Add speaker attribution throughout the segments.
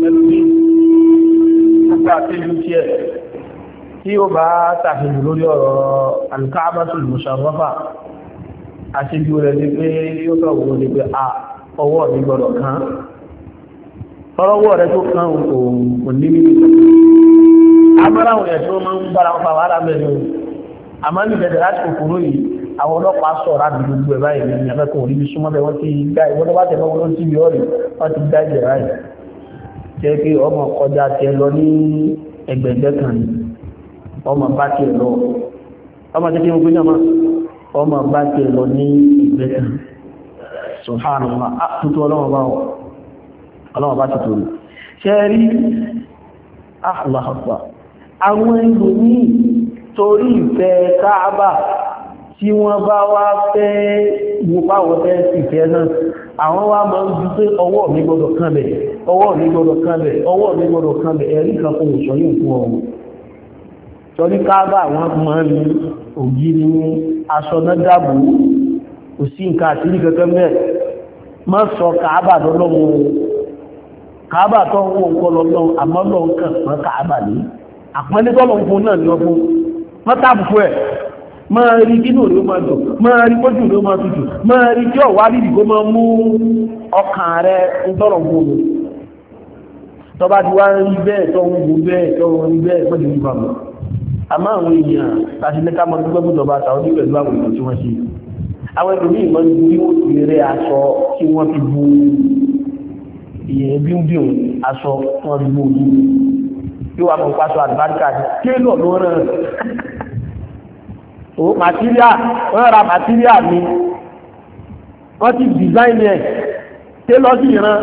Speaker 1: mẹ́lúmí nípa péjú tí ẹ̀ tí ó bá tàfihàn lórí ọ̀rọ̀ alkaabatul musharrafa àṣíjú rẹ̀ ní pé yóò tọ̀wọ́ ní pé a ọwọ́ mi gbọ́dọ̀ kan tọ́rọwọ́ rẹ̀ tó kan kò ní mímí amáráwọ̀ ẹ̀ tó máa ń bára wọn fàwárà mẹ́rin àmọ́ ní bẹ̀rẹ̀ láti kòkòrò yìí àwọn ọlọ́pàá sọ̀rọ̀ àbí gbogbo ẹ̀ báyìí ní ẹ̀fẹ́ kò rí bí súnmọ́ bẹ́ẹ̀ wọ́n ti gbá ìwọ́n tó bá tẹ̀lé wọn ló ń tì yọ̀ọ̀rì wọ́n ti gbá ìjẹ̀ báyìí jẹ́ pé ọmọ kọjá tiẹ̀ lọ ní ẹgbẹ̀gbẹ́ ọmọ bá lọ ọmọ tí kí gbé ọmọ bá lọ ní ẹgbẹ́ kan subhanallah tuntun ọlọ́wọ́ ọlọmọ tí wọ́n bá wá fẹ́ wo báwọn fẹ́ ìfẹ́ náà àwọn wá máa ń ju pé ọwọ́ mi gbọ́dọ̀ kán bẹ̀ ọwọ́ mi gbọ́dọ̀ kán bẹ̀ ọwọ́ mi gbọ́dọ̀ kán bẹ̀ ẹ̀rí kan fún òṣọ́ yìí fún ọmọ torí káàbà wọn máa ń ògiri ní aṣọ náà dàbò kò sí nǹkan àtìrí kankan bẹ́ẹ̀ má sọ káàbà lọ́lọ́wọ́ káàbà tó ń wo nǹkan lọ́lọ́wọ́ àmọ́ lọ́nkàn mọ́ káàbà ní àpọ́nlẹ́tọ́lọ́ máa rí inú rí ó máa dùn máa rí pọ́jù rí ó máa tutù máa rí kí ọ̀wá rí ìdìgbò máa mú ọkàn rẹ ń tọrọ gbogbo tọba ti wá rí bẹ́ẹ̀ tó ń gbogbo bẹ́ẹ̀ tó ń rí bẹ́ẹ̀ pẹ̀lú ìbámu àmọ́ àwọn èèyàn láti lẹ́ka mọ́ tó gbẹ́gbẹ́ tọba àtàwọn ní pẹ̀lú àwọn èèyàn tí wọ́n ṣe àwọn ẹlòmíì mọ́ ní bí wọ́n ti rẹ aṣọ tí wọ́n fi bu ìyẹn bí ń bíun aṣọ tí wọ́n fi bu ojú yóò wá mọ̀ pásọ àdìbáríkà kí lọ́ọ̀ lọ́rọ̀ owó màtíríà wọ́n ra màtíríà mi wọ́n ti dìzáìnì ẹ̀ télọ́ sì ran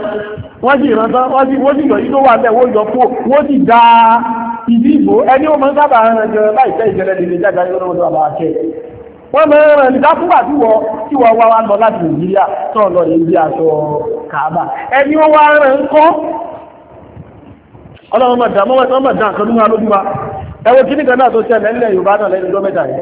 Speaker 1: wọ́n sì ran tán wọ́n sì wọ́n sì yọ yìí tó wà bẹ́ẹ̀ wọ́n yọ kó wọ́n sì da ìdí ìbò ẹni ó máa ń sábà ran jẹun láìpẹ́ ìjẹrẹ lè lè jáde lọ́wọ́ tó bàbá kẹ́ wọ́n máa ń ran nígbà fúgbà tí wọ́n tí wọ́n wá wá lọ láti Nàìjíríà tó lọ lè bí aṣọ kàábà ẹni ó wá ran ń kọ́ ọlọ́run mọ̀dá mọ́mọ́dá nǹkan lójú wa ẹwọ́ kí nìkan náà tó ṣẹlẹ̀ ńlẹ̀ Yorùbá náà lẹ́nu lọ́mẹ́ta yìí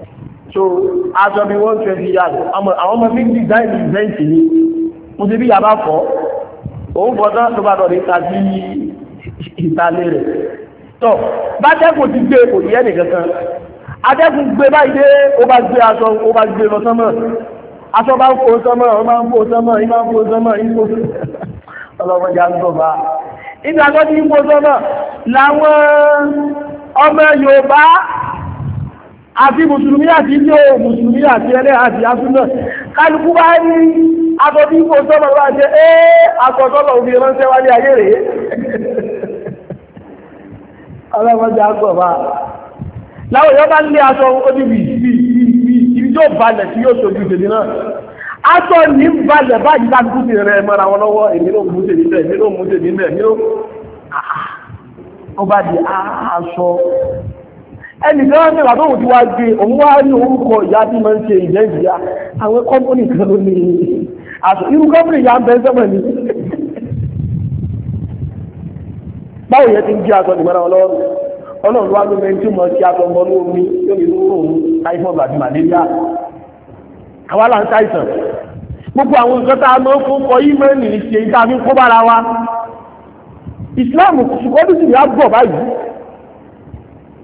Speaker 1: so aṣọ bí one twenty yard àwọn ọmọ big design event ni mo ti bí yàrá fọ́ òun fọ́ tán tó bá lọ níta sí ìtàlẹ̀ rẹ̀ tọ́ bátẹ́kù ti gbé kò yẹ́ nìkan kan atẹ́kùn gbé báyìí dé ó bá gbé aṣọ ó bá gbé lọ sánmọ̀ aṣọ bá ń kó sánmọ̀ ó máa ń kó sánmọ̀ ó máa ń kó sánmọ̀ ó kó ọlọ́mọdé àgbọ̀bá ìgbà tó ti ń kó sánmọ̀ làwọn ọmọ Yorùbá àti mùsùlùmí àti ilé mùsùlùmí àti ẹlẹ́ àti asúnà kálukú bá ní agbọ̀bí ipò sọ́lọ̀ bá jẹ́ ẹ́ agbọ̀sọ́lọ̀ òbí ránṣẹ́ wá ní ayé rèé ọlọ́mọdé agbọ̀bá láwọn yọ́ bá ń lé aṣọ oníbi ibi yóò balẹ̀ tí yóò sojú tèmi náà aṣọ ní balẹ̀ báyìí kálukú ti rẹ̀ mọ́ra wọn lọ́wọ́ èmi ló mú tèmi bẹ́ẹ̀ èmi ló mú tèmi bẹ́ẹ̀ èmi ló ah, ah ẹnìkan ní bàbá òun ti wá gbé òun wá ní orúkọ ìyá tí máa ń ṣe ìjẹ́ ìjìyà àwọn kọ́mpọ́nì kan ló ní àti irú kọ́mpọ́nì ìyá ń bẹ sẹ́mọ̀ ní. báwo yẹn ti ń jí aṣọ nìgbàdàn ọlọ́run ọlọ́run wá lómi tí mo ti aṣọ ọmọ lómi yóò ní irú òun táífọ̀dù àti màlẹ́ríà àwa là ń ṣàìsàn gbogbo àwọn nǹkan tá a lọ fún kọ yí mọ́ ní ìṣe ìta fi kó bára wa ìsìláàmù kọ́dùsì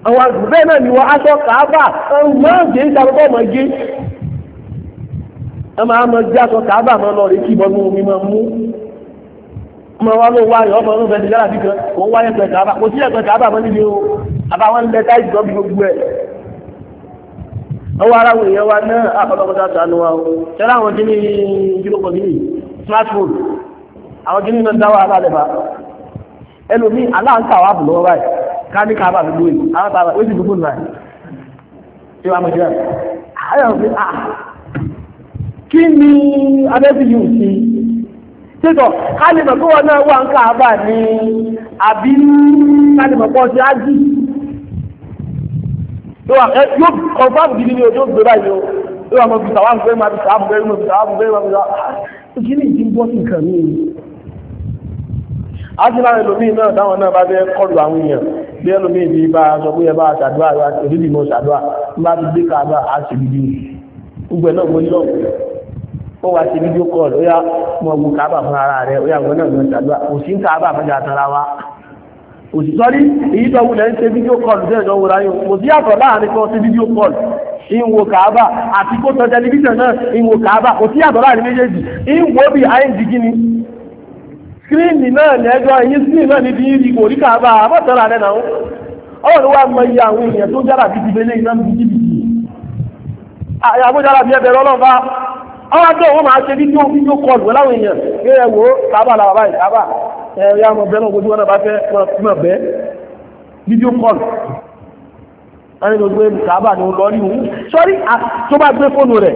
Speaker 1: àwọn àgbẹ̀ náà ni wọ́n aṣọ kàábà máa gé ìṣàkókò ọmọ gé ẹ máa mọ jẹ́ aṣọ kàábà máa lọ rí kí ìbọnú omi máa mú ọmọ wa ló wáyọ ọmọ ọmọ bẹ́ẹ̀ ti yára bí kan kò ń wáyẹ pẹ kàábà kò sí ẹpẹ kàábà mọ níbi o àbáwọn ń bẹ táyì tó bí gbogbo ẹ ọwọ́ ara wòye wa náà àkọlọ́kọ́ta sànù wa o tẹ́lá àwọn kìíní ìdílọ́kọ̀ nìyí smartphone àwọn kìíní náà dá wàhálà lẹ́fà ẹlòmíì aláǹkà wà bùnú wáyé ká ní káàbà ló lóyè àwọn bàbá ó sì gbogbo nà ṣé wàá mọ̀ jẹ́ àyọ̀ pé ah. kí ni abẹ́bí yìí sí títọ̀ ká lè mọ̀ pé wọn náà wà ń káàbà ní àbí ká lè mọ̀ pọ̀ sí ájì yóò kọ̀ọ̀fáàmù gidi ni o yóò gbé báyìí o yóò wà mọ̀ bìtàwà ah, ń gbé máa bìtàwà ń gbé máa bìtàwà ń gbé máa ń gbé máa bìtàwà ń ń gbé máa bìtàwà ń gbé máa ń gbé máa bìtàwà ń ájúlá ẹlòmíì náà táwọn náà bá fẹ́ kọlù àwọn èèyàn bí ẹlòmíì bí bá sọ pé ẹbá ṣàdúrà rẹ òdìdì mọ ṣàdúrà bá ti dé káàbà á sì bí gbogbo ẹ náà mo yọ ó wá sí fídíò kọlù ó yà mọ ogun káàbà fún ara rẹ ó yà wọn náà mọ ṣàdúrà kò sí káàbà fún jàtara wa kò sí sọrí èyí tó wulẹ̀ ń ṣe fídíò kọlù tẹ́ ìjọ wura yín kò sí àtọ̀ láàrin kan sí fídíò kọlù ìwò kàábà àti kó tọ tẹlifíṣàn náà ìwò kàábà kò sí àtọ̀ láàrin méjèèjì ìwò bí àyè ń di skrini náà ní ẹjọ́ ẹ̀yìn skrini náà ní bíi ìrìkò orí kàbá àbọ̀tọ́ra rẹ̀ náà ọ̀rọ̀ ló wà mọ iye àwọn èèyàn tó jára bíi ìbílẹ̀ iná bíi jìbìtì àyàbó jára bíi ẹbẹ̀rẹ̀ ọlọ́ba àwọn àjọ wọn máa ṣe fídíò fídíò kọlù wọn láwọn èèyàn kí ẹ wò ó kàbá làwọn báyìí kàbá ẹ yá mọ bẹ́ẹ̀ náà gbogbo wọn náà bá fẹ́ mọ bẹ́ẹ̀ fídíò kọlù ẹni gbogbo kàbá ni ó lọ rí òun sọ́rí tó bá gbé fóònù rẹ̀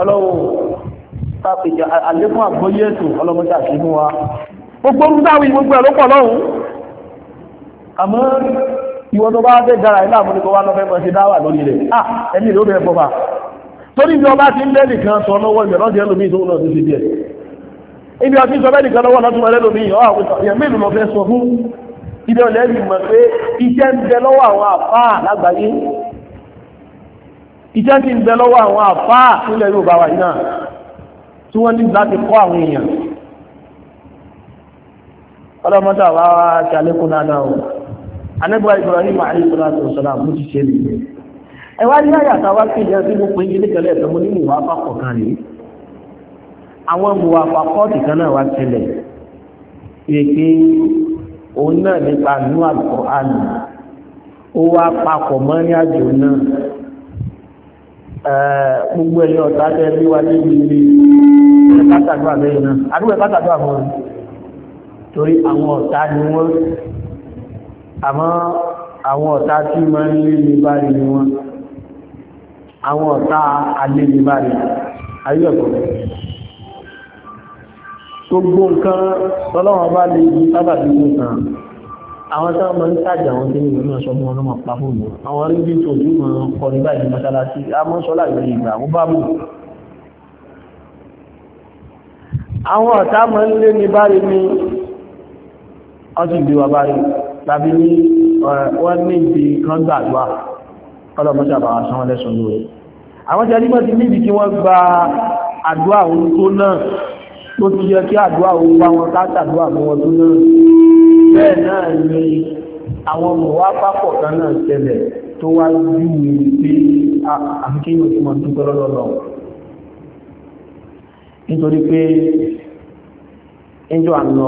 Speaker 1: ọlọ́wọ́ sáfìjọ àlékún àgbóyé ètò ọlọ́mọdé àṣínú wa gbogbo ń dáwì gbogbo ẹ̀ ló pọ̀ lọ́hùn àmọ́ ìwọ tó bá fẹ́ dára ilé àmúnikọ́ wa lọ́fẹ́ mọ́ sí dáwà lórí rẹ̀ ah ẹni ló bẹ̀ẹ́ bọ́bà torí bí ọba ti ń lé nìkan sọ lọ́wọ́ ìbẹ̀ lọ́dẹ ẹlòmíì tó ń lọ sí ti díẹ̀ ibi ọtí sọ mẹ́nìkan lọ́wọ́ lọ́tún ẹlòmíì ọ̀ àwọn ìyẹn mélòó lọ fẹ́ sọ fún ibi ọ̀lẹ́rìí mọ̀ pé iṣẹ́ ń bẹ lọ́wọ́ àwọn àfáà lágbàáyé iṣẹ́ ti ń bẹ lọ́wọ́ àwọn àfáà nílẹ̀ yóò bá wà yìí náà tí wọ́n ní láti kọ́ àwọn èèyàn ọlọ́mọdà wá wá ṣàlékún náà o anẹ́gbà Ibrahim àìsíláàtì ọ̀sọ̀lá mú ti ṣe nìyẹn ẹ wá ní àyà táwa sí ìyẹn tí mo pín ilé kẹlẹ́ ẹ̀fẹ́ mo ní mùwà ó wá papọ̀ mọ́ àjò náà gbogbo ẹ̀yọ ọ̀tá tẹ́ bí wa níbi ilé pátàdúrà lẹ́yìn náà àdúgbò pátàdúrà fún wọn torí àwọn ọ̀tá ni wọ́n àmọ́ àwọn ọ̀tá tí máa ń lé ní báyìí ni wọ́n àwọn ọ̀tá alẹ́ ní báyìí ayọ̀kọ̀ gbogbo nǹkan tọ́lọ́wọ́n bá lè yí sábàbí àwọn tí wọ́n mọ̀ ní sáàjà àwọn tí wọ́n náà sọ mọ́ ọlọ́mọ pa fóònù àwọn arígbé tó ojú mọ̀ kọ ní báyìí mọ́sálásí amọ́sọ́lá ìgbẹ̀rẹ̀ ìgbà àwọn bá mú àwọn ọ̀tá mọ̀ ń lé ní báyìí ní ọtí ìgbé wa báyìí tàbí ní wọ́n ní ibi kan gbàdúrà ọlọ́mọsàbà sanwó lẹ́sùn lórí àwọn tí arígbé ti níbi kí wọ́n gba àdúrà òun tó náà tó ti yẹ kí àdúrà òun bá wọn ká àdúrà fún wọn tó náà bẹ́ẹ̀ náà ni àwọn ọmọ wa pápọ̀ kan náà ṣẹlẹ̀ tó wá ju pé àfikẹ́yìn tí wọ́n dúpẹ́ lọ́lọ́lọ́ nítorí pé ẹjọ́ àná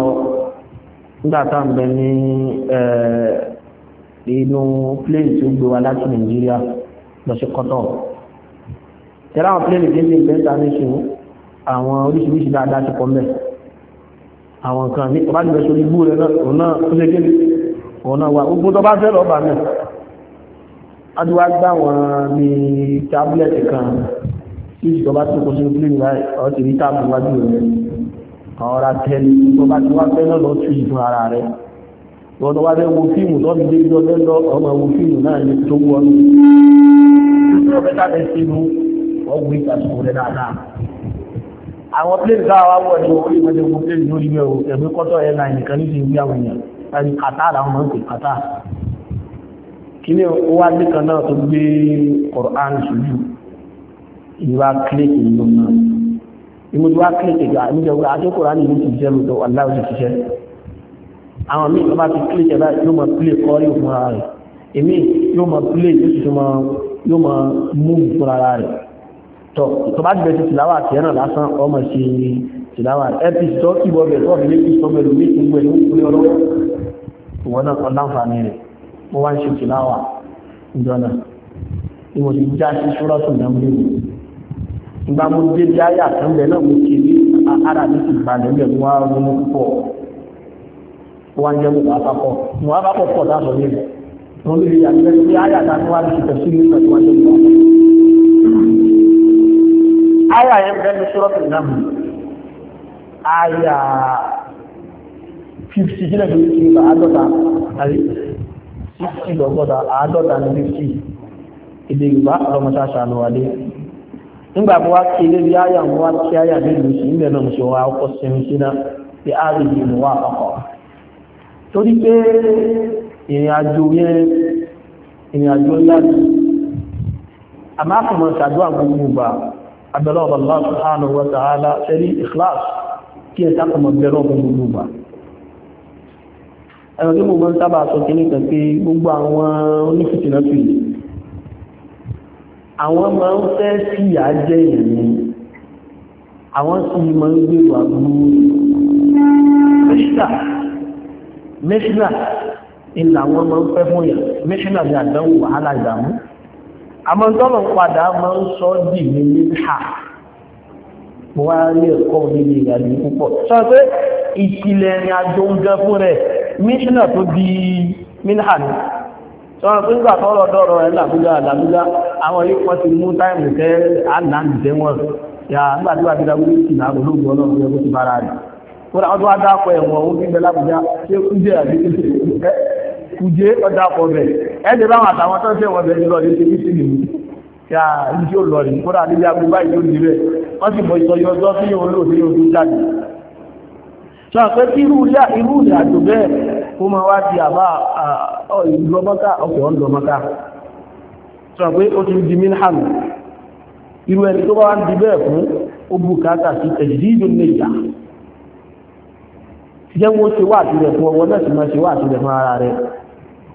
Speaker 1: nígbà tá à ń bẹ ní inú plane tí ó gbé wa láti Nàìjíríà lọ sí Kọ́tọ̀ tẹ́lá àwọn plane tí ń bẹ́ẹ̀ ta ní sùn àwọn oríṣiríṣi dáadáa ti pọ̀ mẹ́rin àwọn nǹkan ní ọba jùlọ sórí ibú rẹ̀ náà ó lé gẹ́lẹ̀ ọ̀nà wà ogun tó bá fẹ́ lọ́ba náà adúwá gbá wọn ní tábúlẹ̀tì kan tí ìjọba tó kó sínú pílẹ̀ nígbà ọtí rí táàbù wájú rẹ̀ ọ̀rá tẹ́lẹ̀ tó bá ti wá fẹ́ náà lọ tú ìfún ara rẹ̀ wọ́n tó wá fẹ́ wo fíìmù tó fi dé ìjọ fẹ́ ọmọ wo fíìmù náà ní tó wọ́n ní ọ̀gbẹ́ta àwọn plane dáwà wọ̀ ní orí ìwọ̀n ogun plane lórí bẹ̀rù ẹ̀mí kọ́tọ̀ airline nìkan ní ti gbé àwọn èèyàn ẹni Qatar àwọn máa ń Qatar kí ni ó wá nìkan náà tó gbé Quran sójú ìwà kílẹ̀kì ìlú náà ìmúdí wá kílẹ̀kì ìjọ àmìjọba àjọ Quran ìlú ti jẹ́ lóòótọ́ aláwọ̀ ti ṣiṣẹ́ àwọn míì bá ti kílẹ̀kì ẹ̀dá yóò máa kílẹ̀ kọ́rí òfin ara rẹ̀ èmi yóò máa kílẹ̀ yóò sì tún máa yóò máa mú tọ́ tó bá gbẹ̀ẹ́ ti tìláwà tẹ́ràn lásán ọmọ ṣe tìláwà ẹ̀pì tó kí bọ́ bẹ̀ẹ́ tọ́ọ̀fì méjì sọ pẹ̀lú méjì gbẹ̀ ní ìpínlẹ̀ ọlọ́wọ́ ìwọ náà kan láǹfààní rẹ̀ mo wá ń ṣe tìláwà ìjọna ni mo ti já sí ṣúrọ́tù náà mú mi ìgbà mo dé bí ayé àtúnbẹ̀ náà mo ti rí ara mi ti balẹ̀ bẹ̀ mo wá ronú púpọ̀ mo wá ń jẹ́ mo wá papọ̀ mo wá áyà yẹn bẹ́ẹ̀ ní sọ́rọ́tì náà 50 jílẹ̀ tó ti àádọ́ta àrí 60 lọ́gọ́ta àádọ́ta ní 50 ilé Yorùbá ọlọ́mọta ṣàlùwálé nígbà wá kí ilé bí áyà ń wá kí áyà ní ìlú sí ilẹ̀ náà ṣe wá ọkọ̀ bí wá àpapọ̀ torí pé ìrìn àjò yẹn ìrìn àjò ńlá ni ṣàdúrà gbogbo gbà abẹ́lọ́wọ́ Allah subhanahu wa ta'ala ṣẹ́rí ikhlas kí ẹ tákùnmọ̀ bẹ̀rọ gbogbo gbà ẹ̀rọ tí gbogbo ń sábà sọ kí ní kan pé gbogbo àwọn onífìtìnà tó yìí àwọn máa ń fẹ́ sí àmọ́ tọ́lọ̀ padà máa ń sọ dì ní níhà wá ní ẹ̀kọ́ nílé ìrìnàjò púpọ̀ sọ pé ìpìlẹ̀ ìrìn àjò ń gan fún rẹ̀ míṣínà tó di míníhà ní sọ́rọ̀ pé nígbà tọ́rọ̀ dọ́rọ̀ ẹ̀ làbújá làbújá àwọn yìí wọ́n ti mú táìmù tẹ́ àná ìdẹ́wọ̀n yà nígbà tí wà ti dáwọ́ ní ìlà olóògùn ọlọ́run ẹgbẹ́ ti bára rẹ̀ kó dáwọn tó wá dákọ̀ ẹ̀wọ̀n ó bí bẹ làbújá tí ó kú jẹ́ àbí kùjé ọjà pọ̀bẹ̀ ẹ̀dẹ̀ báwọn àtàwọn tó ń tẹ́wọ̀ bẹ̀rẹ̀ lọ ní tẹ́lú sí nìyí ya ìdí ò lọ rí kódà níbi agbóbá ìlú rí rẹ̀ wọ́n sì mọ ìsọyọ ọjọ́ tí yóò lò ní ojú jáde sọ pé kí irú ìrìn àjò bẹ́ẹ̀ kó máa wá di àbá ìlọmọ́ká ọkọ̀ ọ̀lọmọ́ká sọ pé ó minham irú ẹni tó bá wá ń di bẹ́ẹ̀ fún ó bù káàkà sí tẹ̀sídìdì nìyà jẹ́ wọ́n ṣe wà àtìrẹ̀ fún ọwọ́ náà sì máa ṣe wà àtìrẹ̀ fún ara rẹ̀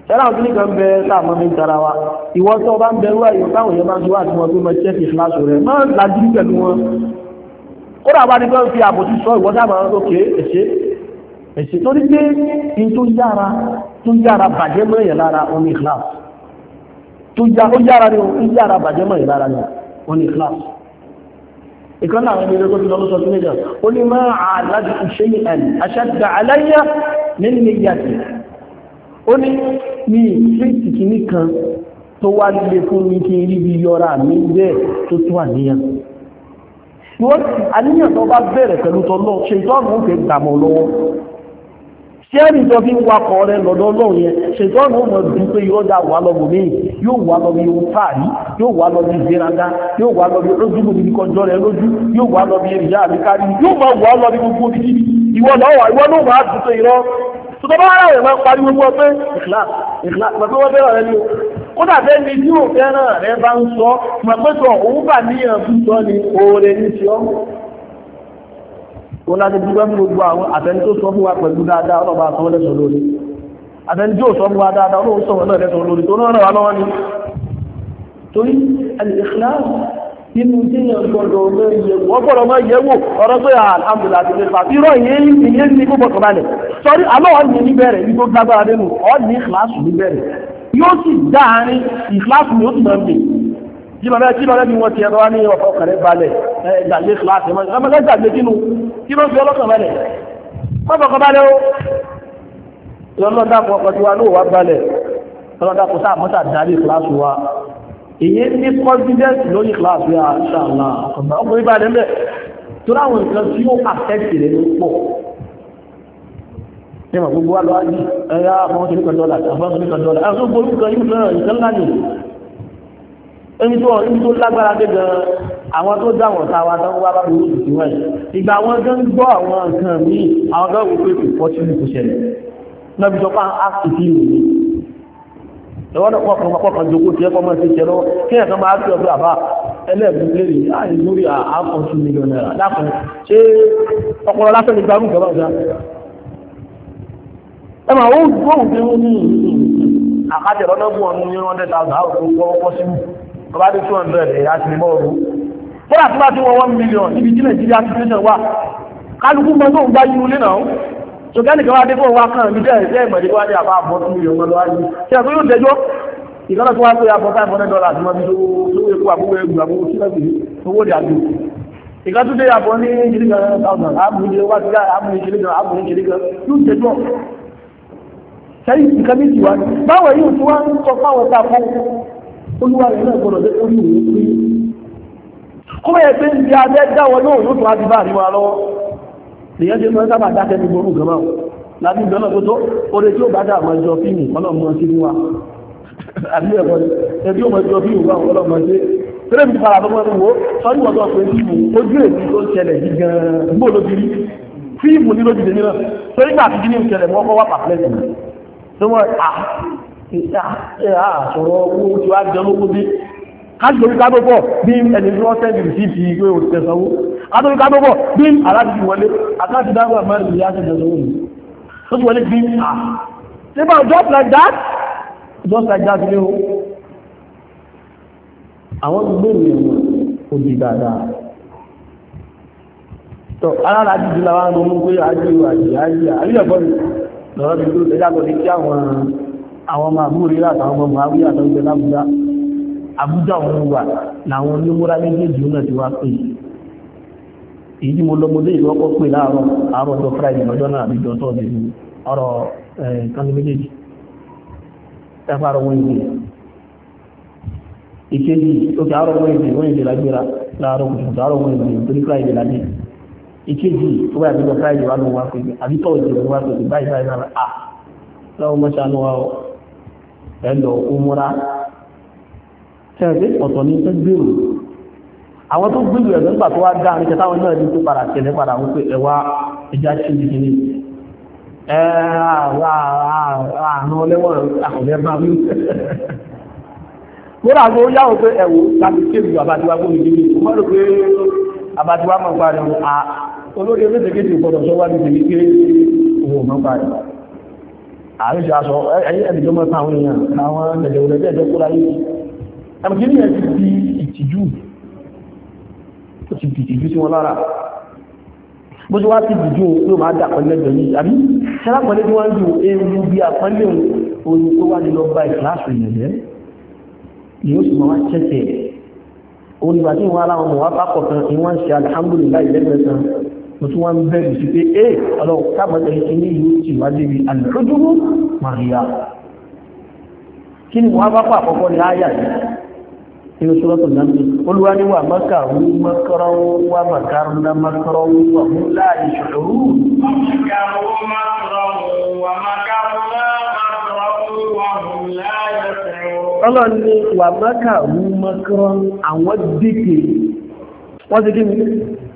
Speaker 1: ṣẹlá òkú nìkan bẹ láàmọ́ mi tara wa ìwọ tó bá ń bẹ wá ìwọ táwọn èèyàn bá ń tó wà tí wọn tó mọ ṣẹ́ fi fìlá sọ̀rọ̀ ẹ̀ má lajú pẹ̀lú wọn kódà bá ní kan fi àbòtí sọ ìwọ sábà ń lókè èṣe èṣe tó ní pé in tó yára tó yára bàjẹ́ mọ́ lára oní class tó yára ni ó yára bàjẹ́ mọ́ lára ni oní class ìkan náà ẹni tó sọ sí méjì ó ní máa àlájú ṣe ní ó ní ní ìfẹ́sì kìíní kan tó wá lè fún mi kí n ríbi yọra mi bẹ́ẹ̀ tó tó àníyàn àníyàn tó bá bẹ̀rẹ̀ pẹ̀lú tọ́lọ́ ṣe ìtọ́nù ó fẹ́ gbàmọ̀ lọ́wọ́ tí ẹ̀rì jọ bí ń wakọ̀ rẹ lọ́dọ̀ ọlọ́run yẹn ṣètọ́nù ó mọ̀ dùn pé yóò dá wà lọ́gbọ̀n mí yóò wà lọ bí ohun fàárí yóò wà lọ bí ìgbéraga yóò wà lọ bí ojúbò níbi kọjọ́ rẹ lójú yóò wà lọ bí èrìyá àríkárí yóò máa wà lọ bí gbogbo bí ìwọ náà wà ìwọ náà máa dùn pé irọ́ tọ́tọ́bá ara rẹ̀ máa pariwo wọ́n pé ìhlà ìhlà pẹ̀lú wọ́n fẹ́ràn rẹ̀ ni o kódà bẹ́ẹ̀ ni tí òun fẹ́ràn rẹ̀ bá ń sọ mọ̀ pé sọ òun bà níyàn fún sọ ni oore ní sọ ó láti dúpẹ́ fún gbogbo àwọn àtẹni tó sọ fún wa pẹ̀lú dáadáa ọlọ́ba sọ lẹ́sọ̀ lórí àtẹni tí ó sọ fún wa dáadáa ọlọ́run sọ wọn náà lẹ́sọ̀ lórí tó náà lọ́wọ́ ni torí al-ikhlas nínú tí yẹn gbọdọ̀ mọ iye wọ́n gbọdọ̀ mọ iye wò ọ̀rọ̀ pé ah, tí bàbá tí bàbá bí wọ́n ti ẹ̀rọ wá ní ọ̀pọ̀ ọ̀kàrẹ́ balẹ̀ ẹ̀gbàgbé kíláàsì mọ́ ọmọdé gbàgbé kínú kí ló fi ọlọ́kàn balẹ̀ mọ́bọ̀kọ́ balẹ̀ o lọ́lọ́dà kọ́ ọkọ̀ tí wa ló wà balẹ̀ lọ́lọ́dà kọ́ sáà mọ́tà darí kíláàsì wa èyí ní confidence lórí kíláàsì wa ṣàlá ọkùnrin balẹ̀ mẹ́ tó láwọn nǹkan tí ó affect rẹ̀ ló pọ̀ ní ẹni tó ọ̀rọ̀ tó lágbára dé gan àwọn tó dá wọn táwa tó wá bá mi lóṣù tí ìgbà wọn gan gbọ́ àwọn nǹkan míì àwọn gan wò pé kò fọ́túnú kò ṣẹlẹ̀ náà bí sọpá áàkìtì rè é ìwọ́n náà kọ́kàn kọ́kàn jókòó tiẹ́ kọ́ máa ti ṣe lọ́wọ́ kí ẹ̀kan máa fi ọ̀dọ́ àbá ẹlẹ́ẹ̀kú lérè láì lórí àákan two million naira lápẹ́ ṣé ọpọlọ lásán ní gbárùn ìjọba ọ̀gá ẹ máa ó gbóhùn pé ó ní àkájẹ̀ lọ́dọ́gbọ̀n ní one hundred thousand àwọn tó kọ́ kọ́ sí mú bàbá dé two hundred ẹ̀ á ti lè mọ́ ọ̀rọ̀ fúnra tí wọ́n ti one million níbi tí nàìjíríà ti tẹ̀sán wà kálukú mọ́ tó ń gbá yín lé náà ṣùgbọ́n nìkan wá dé fún wa kan níbi ẹ̀ ẹ̀ mọ̀lẹ́ wá dé àbá àbọ̀ two million lọ́wọ́ ayé ṣe àgbẹ̀ yóò dẹjọ́ ìkànnà tó wá pé àbọ̀ five hundred dollars mọ́ bí tó epo àbúrò ẹgbù àbúrò sílẹ̀ owó dì àjò ìkan tó dé àbọ̀ ní ìṣẹ̀lẹ̀ kan thousand àbúrò ìṣẹ̀lẹ̀ kan àbúrò ìṣẹ̀lẹ̀ kan yóò dẹjọ́ sẹ́yìn ìkan méjì wá báwo yóò tí wá ń sọ fáwọn ta fún olúwa rẹ̀ náà gbọ́dọ̀ jẹ́ orí òun pé kó bẹ́ẹ̀ pé ń di abẹ́ dáwọ́ náà yóò tún àti bá àríwá lọ́wọ́ lèyàn ṣe máa ń sábà dákẹ́ ní gbogbo nǹkan báwọn láti ìgbọ́nà tó tó oore tí ó bá dà máa jọ fíìmù ọlọ́mọ sí wa àbí ẹ̀kọ́ ẹbí ó máa jọ fíìmù báwọn ọlọ́mọ sí tẹ́lẹ̀ mi fara lọ́mọ ẹ̀rọ wo sọ́rí tó mọ́ kọ́ àṣọ̀rọ̀ owó tí wá jẹ́ lókó bí kájúlórí kábọ́bọ̀ bí ẹni tí wọ́n tẹ́jì sí fi ìwé òtẹ̀sánwó kájúlórí kábọ́bọ̀ bí aláti wọlé àkáàtì dágbà mẹ́rin ìyá ti dẹ̀sánwó ni ó ti wọlé bí à síbà just like that just like that ni ó àwọn gbé ìrìn òbí dáadáa tọ́ alára jíjì làwọn ọmọ pé ajé àjẹ́ àjẹ́ àríyànfọ́ ni lọ́rọ́ bí ló tẹ́jà àwọn ọmọ àbúrí àtàwọn ọmọ àwí àtàwọn lábújá àbújá òun wà láwọn onímúra méjèèjì náà ti wá pè èyí mo lọmọdé ìwọ́pọ̀ pè láàárọ̀ àárọ̀ ọjọ́ friday lọ́jọ́ náà àbíjọ tọ́ọ̀dẹ̀ ọ̀rọ̀ méjèèjì ìkéjì friday àbíjọ friday wà lóun wá pè wá pè báyìí báyìí náà à lọ́wọ́ ẹlọ òmúra tẹ́ẹ̀dé ọ̀tọ̀ ní tẹ́ gbèrò àwọn tó gbèrò ẹ̀rọ nígbà tó wá dá ní kẹta àwọn náà ní tó padà tẹ̀lé padà wípé ẹwà ẹja ṣe ní kìíní ààrùn ọlẹ́wọ̀n àkọ̀lẹ́ bá wí kódà tó yáwó pé ẹ̀wò láti kéèkì àbájúwá gbóhùn níbi tó mọ́rò pé àbájúwá mọ̀ parí olórí olóṣèkéjì gbọdọ̀ sọ wá níbi wípé òun mọ̀ parí àríṣà aṣọ ẹ̀yẹ́ ẹ̀dìjọ́ mọ́ta àwọn èèyàn àwọn ẹ̀dẹ̀wọ̀lẹ́dẹ́ ẹ̀jọ́ kó láyé ẹmùkíní ẹ̀ ti di ìtìjú ó ti di ìtìjú sí wọn lára bó ti wá ti dìjú yóò máa dà pẹ̀lẹ́ pẹ̀lú àbí ṣẹlá pẹ̀lẹ́ tí wọ́n ń ju ewu bí apẹ́lẹ́ oyin tó wá nílọ bá ìkìláàsì ìyẹ̀lẹ́ ni ó sì máa tẹ́tẹ̀ẹ́ òun ìgbà tí wọ́n aláwọn mọ̀ wá pápọ̀ kan ni wọ́n ń ṣe alhamdulillah ìlẹ́gbẹ̀ẹ́ kan mo tún wọ́n bẹ̀rù sí pé ẹ́ ọlọ́run kábọ̀tẹ̀ ìkíní yóò ti wá débi àlùfẹ́dúró màríà kí ni wọ́n bá pà àkọ́kọ́ ní àyà yìí inú sọ́lọ́tò náà olúwa ní wà mọ́kàrú mọ́kàrú wà mọ́kàrú ná mọ́kàrú wà mú láàyè
Speaker 2: ṣòro ọlọ́run ní wà mọ́kàrú mọ́kàrú
Speaker 1: àwọn dìkì wọ́n ti kí ni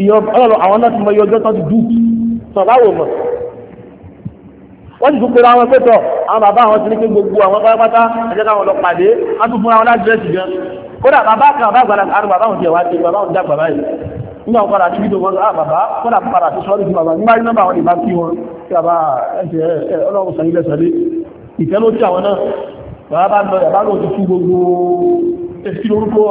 Speaker 1: ìyọ̀bọ̀ àwọn náà ti mọ iye ọjọ́ tán ti dùn tàn láwò mọ̀ wọ́n ti tún pèrè àwọn pẹ́tọ̀ àwọn bàbá àwọn ti ní pé gbogbo àwọn pátápátá ẹ̀jẹ̀ káwọn lọ pàdé á tún fún àwọn ládírẹ́sì gan kódà bàbá kan bàbá àgbàlá àrùn bàbá òun ti ẹ̀wà ti bàbá òun dàgbà báyìí nígbà wọn padà síbi tó wọn sọ ah, bàbá kódà padà sí sọ́ọ́dì fún bàbá nígbà nọ́mbà àwọn ìbá kí wọn kí bàbá ẹ̀jẹ̀ ọlọ́run sàn ilẹ̀ sọ̀lé ìfẹ́ ló ti àwọn náà bàbá bá lọ bàbá lọ ti fún gbogbo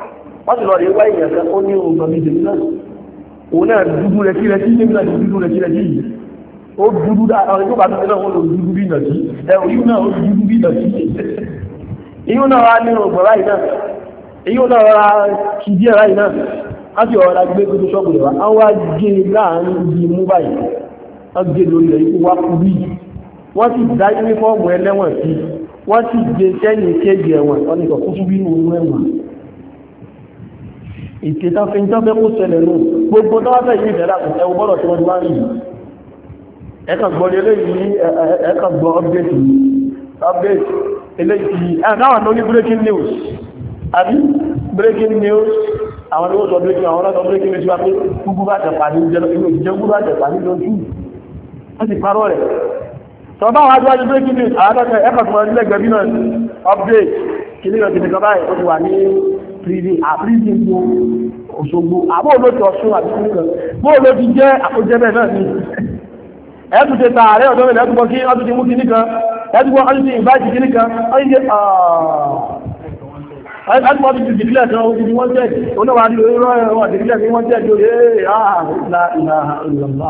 Speaker 1: wọ́n sì lọ rí wá èèyàn kan ó ní ohun kan bíi tèmi náà òun náà dúdú rẹ kí rẹ kí tèmi náà dúdú rẹ kí rẹ kí yìí ó dúdú dáa ọ̀rẹ́ tó bá tẹ̀lé náà wọ́n lò dúdú bí ìnàkí ẹ̀rù yìí náà ó dúdú bí ìnàkí ìyún náà wá nínú ọgbọ̀n láì náà ìyún náà wá kì díẹ̀ láì náà á sì ọ̀rọ̀ gbé gbogbo ṣọ́ọ̀bù rẹ̀ wá á wá gé láàrin ibi mú báyìí wọ́n sì dá ìtẹ́ta fi ń tọ́fẹ́ kó ṣẹlẹ̀ nù gbogbo tọ́wọ́fẹ́ yìí ìdẹ́lá kò tẹ́wọ́ bọ́lọ̀ tí wọ́n wá rí ẹ̀kà gbọ́dọ̀ eléyìí ẹ̀kà gbọ́ update update eléyìí ẹ̀dáwà tó ní breaking news àbí breaking news àwọn ni ó sọ breaking àwọn ọlọ́sọ breaking news wá pé gbogbo bá tẹ̀pà ní ìjẹ́ gbogbo bá tẹ̀pà ní lójú wọ́n ti parọ́ rẹ̀
Speaker 2: tọ́bá wá síwájú breaking news àwọn akẹ́kọ̀ọ́ ẹ̀kà tó wọ́n nílẹ̀ gbẹ̀bí náà
Speaker 1: update kìnnìkan kìnnìkan báyìí ó ti wà ní prison prison tó Òṣogbo àbó olóòtú Ọ̀ṣun àbí kankan bó olóòtú jẹ́ àkójẹ́ náà ni ẹ̀ẹ́dùn ti ọ̀dọ́ mẹ́lẹ̀ ẹ̀dùn kí ọdún ti mú kí nìkan ẹ̀dùn ọdún ti ìbájì kí nìkan ọdún ti ọdún ti dìbílẹ̀ kan ó ti wọ́n jẹ́ oníwà nílò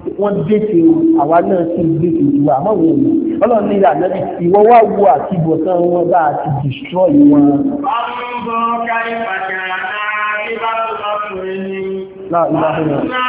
Speaker 1: wọ́n dẹ́tẹ̀ àwa náà sì dẹ́tẹ̀ ju àmọ́ wọn ò ọlọ́run ní ìlànà ìwọ wá wo àti ìbọ̀tán wọn bá a ti destroy wọn.
Speaker 2: ọmọ káyọ̀ pàṣẹ àná bí bá tó bá tó ẹni. náà ìlànà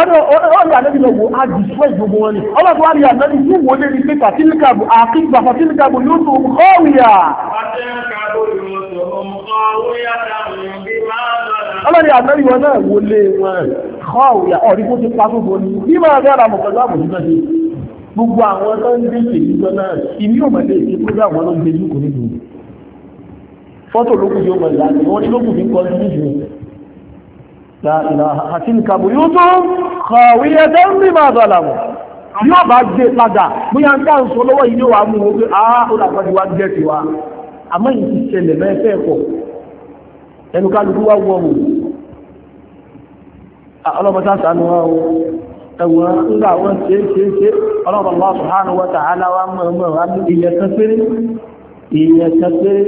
Speaker 2: ọdún
Speaker 1: ọdún àdébí lọ wo àdìsúwẹ̀ gbogbo wọn ni ọlọ́dún wa ni àdébí yóò wọ lé ní pé fàtílìkàbù àkígbà fàtílìkàbù yóò tó kọ́ọ̀wìyà.
Speaker 2: fàtílìkàbù yóò tó kọ́ọ̀wìyà tàbí bí máa ọlọ́rin àtàrí wọn náà
Speaker 1: wo lé wọn kọ́ òyà ọ̀rí kó ti pa gbogbo ní bí máa dára mọ̀ pẹ̀lú àbòjú náà ṣe gbogbo àwọn tó ń gbé ìlú gbọ́ náà ìmí ò mọ̀lẹ́ ìṣe pé àwọn ló ń gbé ìlú kò ní dùn fọ́tò lókùn yóò mọ̀ ìlànà wọn ní lókùn ní kọ́ ní ìlú àti nìkàbò yóò tó kọ̀wé ẹgbẹ́ ń bí máa dọ̀là yóò bá gbé padà bóyá ń dáhùn sọ lọ́wọ́ yìí yóò wá mú ó ẹnu kálukú wá wọ́n wò ọlọ́mọta sànú ẹ̀wọ̀n ńgbà wọ́n ṣe ṣe ṣe ọlọ́mọlá sọ̀hánú wọ́ta aláwá mọ̀ọ́mọ̀ ìyẹn kan péré ìyẹn kan péré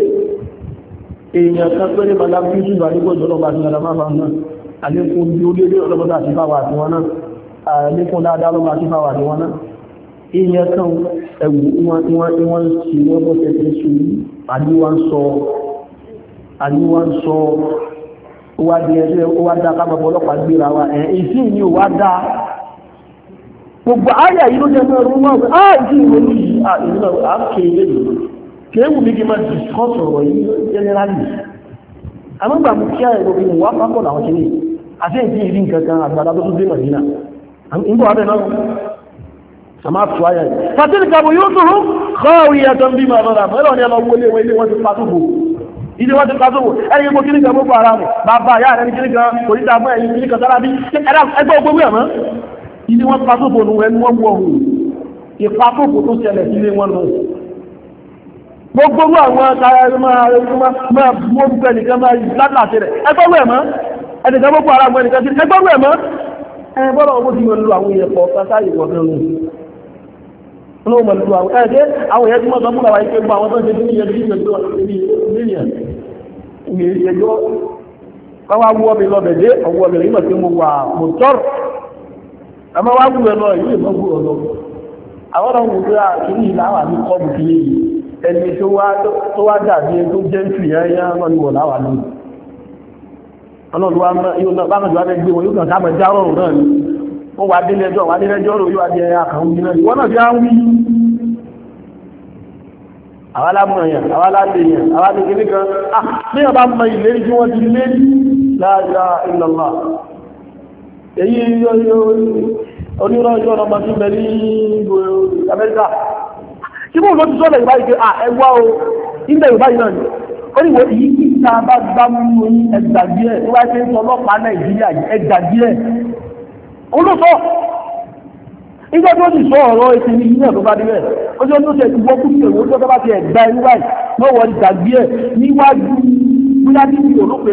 Speaker 1: èèyàn kan péré bàbá bí ṣùgbà nígbò ìjọ lọ́gbà ẹ̀wù wọn tí wọ́n ṣe wọ́n bọ́ tẹ́tẹ́ ṣe àdíwá ń sọ àní wọ́n ń sọ wá di ẹgbẹ́ wá dá ká bàbá ọlọ́pàá gbéra wa ẹ̀ ìsìn ni ò wá dá gbogbo ayé yìí ló jẹ́ mọ́ ọdún mọ́ ọ̀gbẹ́ ah ìsìn ìwé ní yìí ah ìwé náà á ké ilé yìí kéwù mi kí n máa discuss ọ̀rọ̀ yìí generally àmọ́ gbà mú kí ayé gbogbo ìwà pápọ̀ làwọn kìíní àti èyí ìrí nǹkan kan àgbàdo tó tún dé màdínà ń tó ayé yìí fatilka buyutuhum khawiyatan bima zalamu ẹlọ́ni ẹlọ́wọ́ ilé wọn ilé ti pa bò ilé wọn ti pa sówò ẹni gbogbo kí ní kan gbogbo ara rẹ̀ bàbá ìyá rẹ̀ ní kí ní kan kò ní dààmú ẹ̀yìn kí ní kan sára bí ẹgbẹ́ gbogbo ẹ̀mọ́ ilé wọn pa sówò nù ẹnu wọn wọ̀ hùn ìpapòpò tó ṣẹlẹ̀ sílé wọn lọ gbogbo àwọn akara máa máa mú orúkọ ẹnìkan máa lálàtí rẹ̀ ẹgbọ́rú ẹ̀mọ́ ẹnìkan gbogbo ara àwọn ẹnìkan sí ẹgbọ́rú ẹ̀mọ́ ẹgbọ́rú ọmọ tí mo lo àwọn èèyàn pọ̀ sásáyé wọ̀n ló mọ̀ lù àwọn ẹ̀ẹ́dẹ́ àwọn èèyàn tí wọ́n sọ fúnra wa ike gbọ́ àwọn tó ń ṣe nílẹ̀ bí ìjọ mílíọ̀n
Speaker 3: ìyẹ̀jọ́
Speaker 1: káwá wọ́ mi lọ bẹ̀dẹ́ ọwọ́ mi rí mọ̀ tí mo wà mo tọ́rọ̀ àmọ́ wá wù ẹ lọ ìlú ìmọ̀ wù ọ lọ àwọn ọ̀rọ̀ wù rà kí ní ìlà wà ní kọ́ọ̀bù kí yìí ẹni tó wá dàbí ẹni tó jẹ́ ń fi yẹn yẹn wọn ni wọ̀ láwà lónìí ọlọ́run wa yóò náà bá
Speaker 2: ó wà délẹ́jọ́ wà délẹ́jọ́ rò yóò adé àkàwọn ìrìnà ìwọ́n náà ti á ń wí àwálámọ̀yàn àwálálẹ̀yàn àwálẹ̀kẹ́lẹ́
Speaker 3: kan ní
Speaker 1: ọba mọ ìlérí tí wọ́n ti lé láàrín ìlọ́lá èyí onírànjọ́ ọmọ sí mẹ́rí Amẹ́ríkà kí mọ́ ló ti sọ́lẹ̀ ìbáyìí pé à ẹgbá o ilẹ̀ ìbáyìí náà ni ó ní wọ́n yìí ẹgbàgbé ẹ̀ tó wáyé pé ọlọ́pàá Nàìjíríà ẹgbàgbé ẹ̀ olóòtọ́ ìjọ tó ti sọ ọ̀rọ̀ ètò ní ilé ọ̀tọ́ bá dé bẹ́ẹ̀ ó tó ṣe ìwọ́ kúrò èwo tó bá ti ẹ̀gbá ẹni wáyé mọ́ ẹ̀ níwájú bóyá ní ìlú ní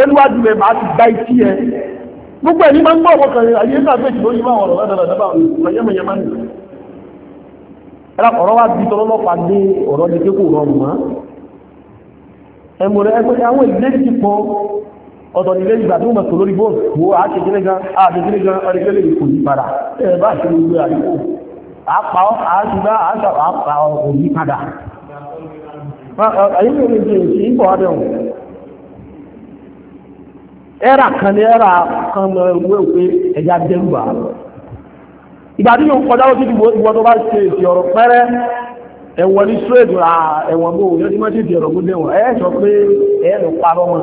Speaker 1: ó níwájú rẹ̀ máa ti gba ìtì ẹ̀ gbogbo ẹ̀mí máa ń gbọ́ ọ̀pọ̀ kan ayé ọ̀tọ̀ nílé ìgbà tó mọ̀tò lórí bóòlù wo àṣekéré gan àṣekéré gan ọ̀rẹ́gbẹ́lẹ̀ kò yí padà ẹ̀ bá ṣe gbogbo àyíkò àpá àṣìgbà àpá òyí padà àyíkò ní ṣe ìbọ̀ adẹ́hùn ẹ́rà kan ní ẹ́rà kan mọ̀ ẹgbẹ́ òpé ẹja dẹ́rùbà ìgbà tí yóò kọjá ó ti dìbò ìwọ tó bá ṣe èsì ọ̀rọ̀ pẹ́rẹ́ ẹ̀wọ̀n ní straight ẹ̀wọ̀n bó yọjú mọ́ sí ìdí ọ̀rọ̀ gbọ́dẹ̀wọ̀n ẹ̀ sọ pé ẹ̀ẹ́dùn parọ́ mọ́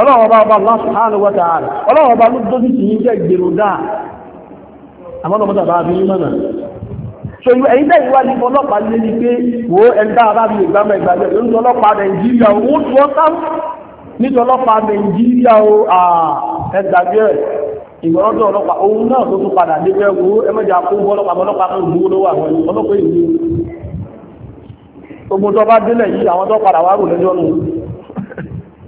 Speaker 1: ọlọ́wọ́ bá bá Allah subhanahu wa ta'ala ọlọ́wọ́ bá ló dójú sí yíjẹ́ so ẹ̀yìn tẹ́yìn wá ní ọlọ́pàá lé ní pé wo ẹ̀ńdá bá bí ìgbàmọ̀ ìgbàjẹ́ lórí ọlọ́pàá Nàìjíríà ó tún ọ́tá nítorí ọlọ́pàá Nàìjíríà ó ẹgbàgbé ìgbọ́nọ́dọ̀ ọlọ́pàá òun náà tó tún padà dé pé wo ẹmẹ́jà kó ọlọ́pàá ọlọ́pàá tó gbówó lọ́wọ́ àwọn ọlọ́pàá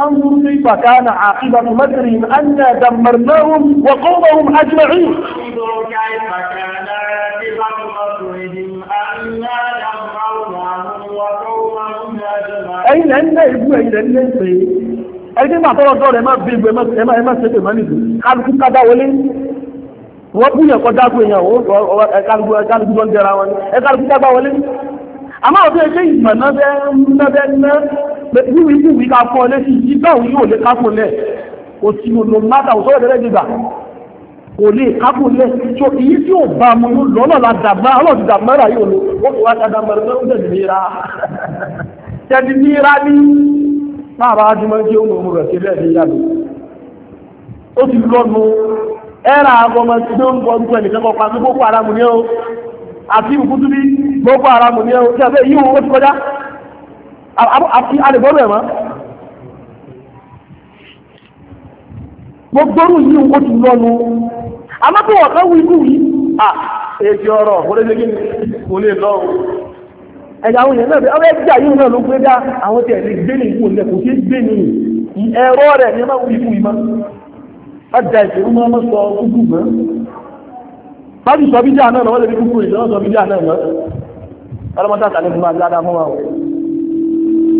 Speaker 1: انظر كيف كان عاقبة
Speaker 2: مكرهم أنا دمرناهم وقومهم أجمعين انظر كيف كان عاقبة مكرهم أنا دمرناهم وقومهم أجمعين أين أنت
Speaker 1: إبوه إلى الناس ẹni máa tọ́rọ tọ́rọ ẹ máa bí ìgbẹ́ ẹmá ẹmá ṣe pèmọ́ nìdú kálukú kádá wọlé wọ́n bú yẹn kọjá pé èèyàn kálukú tó ń jẹra wọn ẹ kálukú dágbà wọlé àmọ́ òfin ẹgbẹ́ ìgbà náà bẹ́ẹ̀ náà bẹ́ẹ̀ náà pé wíwí wíwí ká fún ọ létí yìí báwọn yóò lè kápò lẹ̀ kò sí ònà mátà òsọ́rọ̀ tẹ́lẹ̀ gbígbà kò lè kápò lẹ̀ tó èyí tí ò bá mu ló lọ́nà la dàgbà ọlọ́ọ̀dì dàgbàrà yóò lò ó fi wá ṣàdá mẹ́rin mẹ́rin tẹ̀lé nira tẹ̀lé nira ní bàbá adúmọ̀ tí ó mọ̀ ọmọ rẹ̀ sílẹ̀ ní ìyá mi ó ti lọ́nu ẹ̀rà ọmọ tí ó ń bọ́ ń bọ́ ẹnìkan kọ́ pa gbogbo ara mu ní ẹ́ o àti ìbùkútú bí gbogbo ara mu ní ẹ́ o tí a fẹ́ yí òun ó ti kọjá àdìgbọ́rù ẹ̀ mọ́. gbogbo orú yìí ó ti lọ́nu amábọ̀ ọ̀kan wí kú yìí à èdè ọ̀rọ̀ òrèlè kí kò lè lọ ẹ̀yà àwọn èèyàn náà bẹ ọwọ́ ẹgbẹ́ àyè náà ló gbé dá àwọn tẹ̀ lè gbé ní ìkú ilẹ̀ kò sí gbé ní ẹ̀rọ rẹ̀ ní ọmọ ìkú ìmọ̀ ọjà ìṣèlú máa ń sọ kúkú mọ́ bá ti sọ bíjà náà lọ́wọ́ lè fi kúkú ìṣẹ́ sọ bíjà náà lọ́ ọlọ́mọdé àtàlẹ́ fún wa ládàá fún wa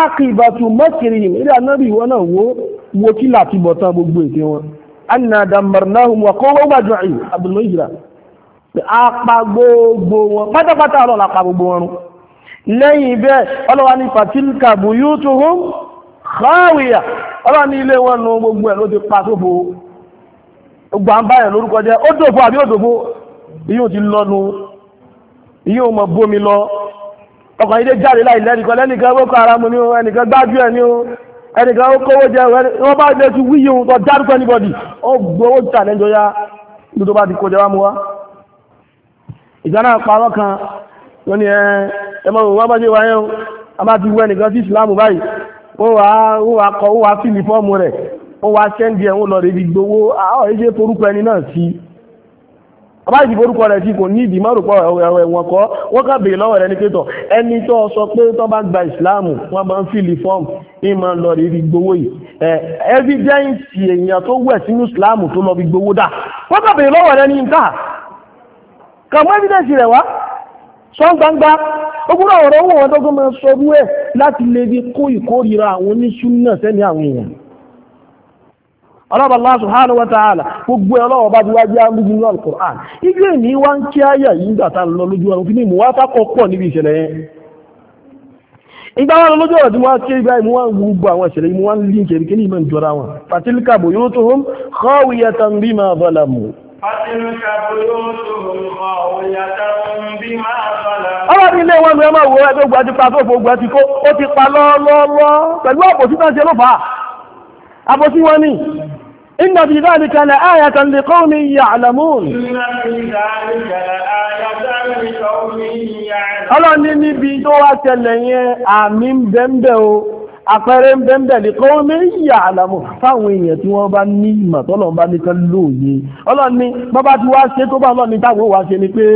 Speaker 1: ákìbàtù mọ́kìrìhìm ilé anábì wọn náà wo wo kí láti bọ̀ tán gbogbo ète wọn anna damarnahum wa qawma majma'in abdulmọ̀ ìjìlá apá gbogbo wọn pátápátá ọlọ́la pa gbogbo wọn rún lẹ́yìn bẹ́ẹ̀ ọlọ́wà ní fatilka buyutuhum khawiya ọlọ́wà ní ilé wọn nu gbogbo ẹ̀ ló ti pa sófo gbogbo à ń lórúkọ jẹ́ ó dòfo àbí ó dòfo ìyóò ti lọ́nu ìyóò mọ̀ bómi lọ ọkàn ilé jáde láì lẹ́nìkan lẹ́nìkan boko haram ni o ẹnìkan gbájú ẹ̀ ni o ẹnìkan ó kówó jẹ wọ́n bá lè ti wíyí ohun tó dárúkọ anybody ó gbowó tà lẹ́jọ́ ya ní tó bá ti kó jẹ wá mú wá ìjà náà pa àwọn kan wọ́n ni ẹ ẹ mọ̀ wọ́n bá ṣe wáyé o a bá ti wọ ẹnìkan sí Islam báyìí ó wà ó wà kọ ó wà fíìlì fọ́ọ̀mù rẹ̀ ó wà sẹ́ńdì ẹ̀ ń lọ rẹ̀ ibi gbowó àwọn èyí ṣe forúkọ ẹni náà sí bàbá ìdìbò orúkọ rẹ̀ tí kò ní ìdí má rògbọ́ ẹ̀rọ ẹ̀wọ̀n kọ́ wọ́n kà béèrè lọ́wọ́ rẹ̀ ní pé tọ̀ ẹni tó sọ pé tó bá gba ìsìláàmù wọ́n máa ń fìlì fọ́ọ̀mù ní máa ń lọ rí rí gbowó yìí ẹ ẹ́fídẹ́ǹsì èèyàn tó wẹ̀ sínú ìsìláàmù tó lọ rí gbowó dà wọ́n kà béèrè lọ́wọ́ rẹ̀ ní nǹkan kàmú ẹ́fídẹ́ǹsì rẹ̀ wá sọ́n gbangba ogun náà ọ̀rọ̀ owó tó máa sọ rú ẹ̀ láti lè fi kó ìkórìíra àwọn oníṣúná sẹ́ni àwọn èèyàn ọlọ́ba Allah subhanahu wa ta'ala gbogbo ọlọ́wọ́ bá ti wá jẹ́ lójú ní al-Qur'an ibi èmi wá ń kí ayà yìí gbà tá lọ lójú ọ̀run fi ní ìmúwáfà kọ̀ọ̀pọ̀ níbi ìṣẹ̀lẹ̀ yẹn ìgbà wọn lójú ọ̀rọ̀ tí wọ́n ké ibà ìmú wọn gbogbo àwọn ìṣẹ̀lẹ̀ ìmú wọn lé ìkẹ̀rì kí ní ìmọ̀ ìjọra wọn fatilka buyutuhum khawiyatan bima zalamu
Speaker 2: ọlọ́dún ilé wọn mìíràn máa wọ
Speaker 1: ẹgbẹ́ ogun àti pàtó ògbà ti kó ó ti pa lọ́ọ́lọ́ọ́ pẹ̀lú àpòsí náà ṣe ló fà á àpòsí wọn ni إن في ذلك لآية لقوم يعلمون Ọlọ́run ní níbi tó wá tẹ̀lẹ̀ yẹn àmì ń bẹ́m̀bẹ̀ o, àpẹẹrẹ ń bẹ́m̀bẹ̀ lè kọ́ méjì àlàmù fáwọn èèyàn tí wọ́n bá ní ìmọ̀ tọ́lọ̀ bá ní kan lóòye. Ọlọ́run ní bàbá tí wá ṣe tó bá Ọlọ́run ní táwọn wá ṣe ni pé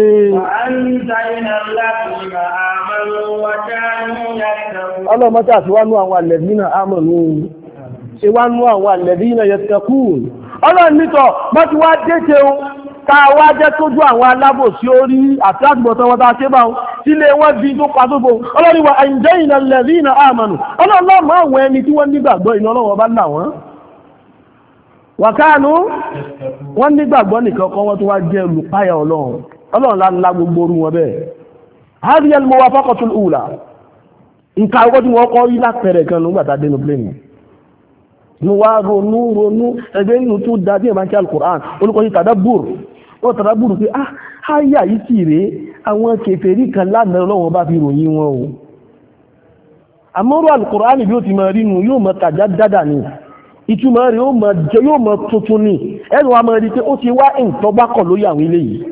Speaker 1: Ọlọ́run mọ́ta àti wá ní àwọn àlẹ̀ ṣe wá nú àwọn alladhina yattaqun ọlọ́run nítọ̀ bọ́ ti wá déṣe o ká wá jẹ́ tójú àwọn alábòsí orí àti àtìgbọ̀tán wọn tàà ṣébà wọn tí lè wọ́n bí tó pa tóbo ọlọ́run wa anjayna alladhina amanu ọlọ́run máa wọ ẹni tí wọ́n nígbàgbọ́ iná ọlọ́wọ́ bá là wọ́n wàkánú wọ́n nígbàgbọ́ nìkan kan wọ́n tó wá jẹ́ olùpáyà ọlọ́run ula nǹkan akọ́jú wọn kọ́ rí lápẹẹrẹ kan nígbà mo ronu ronu ebe ẹgbẹ́ nínú tó da bí ẹ̀bá ń kí alukur'an olùkọ́ sí tàdábùr wọ́n tàdábùr pé ah háyà yìí sì rèé àwọn kèfèrí kan lánàá ọlọ́wọ́n bá fi ròyìn wọn o àmọ́rọ̀ ti máa rí nu yóò máa tàjá ni ìtumọ̀ rẹ̀ yóò máa tuntun ni ẹnu wa máa rí pé ó ti wá nǹkan lórí àwọn eléyìí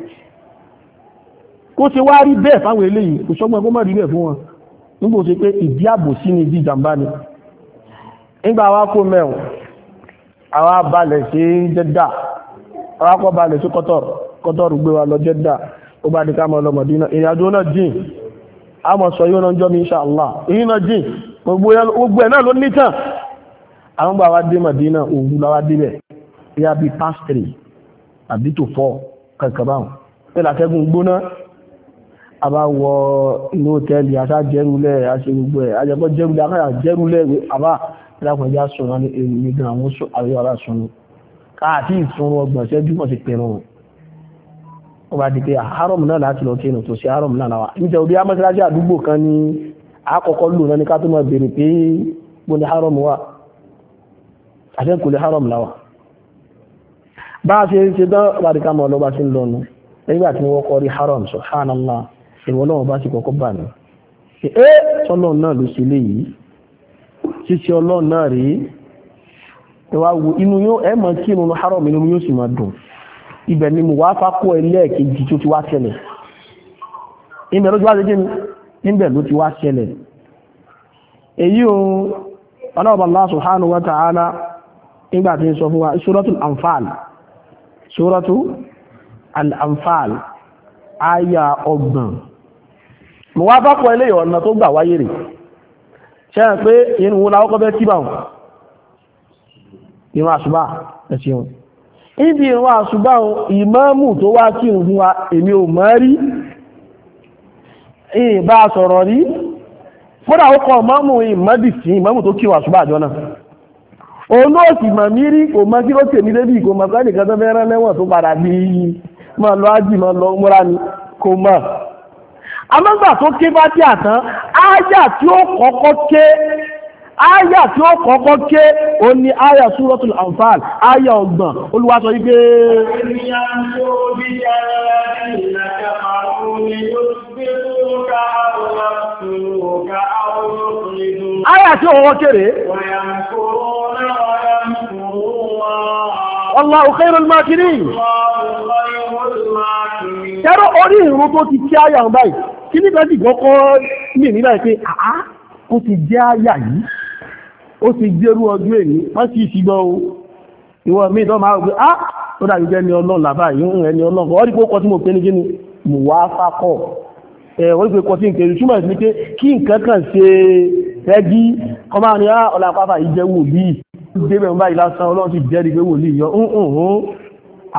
Speaker 1: kó wá rí bẹ́ẹ̀ fáwọn eléyìí kò sọ́gbọ́n kó má rí bẹ́ẹ̀ fún wọn nígbà nígbà wá kó mẹ́wọ̀n àwa balẹ̀ sí jẹ́dà àwa kọ́ balẹ̀ sí kọ́tọ̀rù kọ́tọ̀rù gbé wa lọ jẹ́dà ó bá di ká mọ́ lọ Mọ̀dínà ìrìnàjò náà jìn a mọ̀ sọ yóò náà jọ́ mi inṣàlá èyí náà jìn gbogbo ẹ̀ náà ló ní tàn àwọn gbà wá dé Mọ̀dínà òwú la wá débẹ̀ ya bí past three àbí tó four kankan báwọn pé làkẹ́gùn gbóná a bá wọ inú hòtẹ́ẹ̀lì aṣá jẹ́rúlẹ̀ aṣe gbogbo ẹ̀ ajẹ́kọ́ jẹ́rúlẹ̀ akáyà jẹ́rúlẹ̀ àbá lákùn ẹjá sọ̀rọ̀ ní èrò ní gan àwọn oṣù àríwára sọ̀rọ̀ káàtì ìsúnrún ọgbọ̀n ṣẹ́jú mọ̀ sí pẹ̀rùn wọn bá di pé àárọ̀mù ah, náà láti lọ kéènù tó ṣe àárọ̀mù náà náà níta orí amọ́síláṣí àdúgbò kan ní àkọ́kọ́ lò náà ní ká tó máa béèrè pé mo ní àárọ̀mù wà àṣẹ́kù lè àárọ̀mù náà wà bá a ṣe ń ṣe dán bá di ká sí ń nígbà tí wọ́n kọ́ rí àárọ̀mù subhanallah ìwọ náà bá ti kọ́kọ́ bà ní. ẹ sọ́nà náà ló ṣe léyìí ṣíṣe ọlọ́run náà rí ẹwà wo inú yóò ẹ mọ̀ kí inú haram inú yóò sì máa dùn ibẹ̀ ni mo wá fákó ẹlẹ́ẹ̀kejì tó ti wá ṣẹlẹ̀ ibẹ̀ ló ti wá ṣẹlẹ̀ níbẹ̀ ló ti wá ṣẹlẹ̀ èyí o ọlọ́ọ̀bà Allah subhanahu wa ta'ala nígbà tí ń sọ fún wa suratul anfal suratul al-anfal ọgbọ̀n mo wá fákó ẹlẹ́yọ̀ ọ̀nà tó gbà wáyé rèé ṣe ń pé inú wo láwọ́kọ́ bẹ́ tí báwọn ìrún àṣùbá ẹ̀ṣẹ̀ wọn ibi ìrún tó wá kí ìrún fún wa èmi ò mọ̀ rí ìbá sọ̀rọ̀ rí fúnra tó kí àjọ náà òun náà sì mí rí kò mọ kí ló tèmi débi kò káàdì kan tó fẹ́ rán lẹ́wọ̀n tó padà bí ni kò amọ́gbà tó ké bá dé àtán áyà tí ó kọ́kọ́ ké áyà tí ó kọ́kọ́ ké o ní áyà Suratul Anfal áyà ọgbọ̀n Olúwa sọ wípé áyà tí ó kọ́kọ́ kéré Allahu khairul makirin Tẹ́rọ orí ìrún tó ti kí áyà ń kí ní bá dìgbọ́ kọ́ mì nílá pé àá ó ti jẹ́ àyà yìí ó ti jẹ́rú ọdún èní wọ́n sì o ìwọ mi tó máa gbé ah ó dàbí jẹ́ ẹni ọlọ́run làbá yìí ń ẹni ọlọ́run ọ́ rí pé ó kọ́ tí mo pé ní kí ni mo wá fákọ̀ ẹ̀ ó rí pé kọ́ tí n kèrè túmọ̀ sí pé kí nǹkan kan ṣe rẹ́gí kọ́ máa ní ọ̀làpápá yìí jẹ́ wòlíì débẹ̀ ń báyìí lásán ọlọ́run ti jẹ́rìí pé wòlíì yọ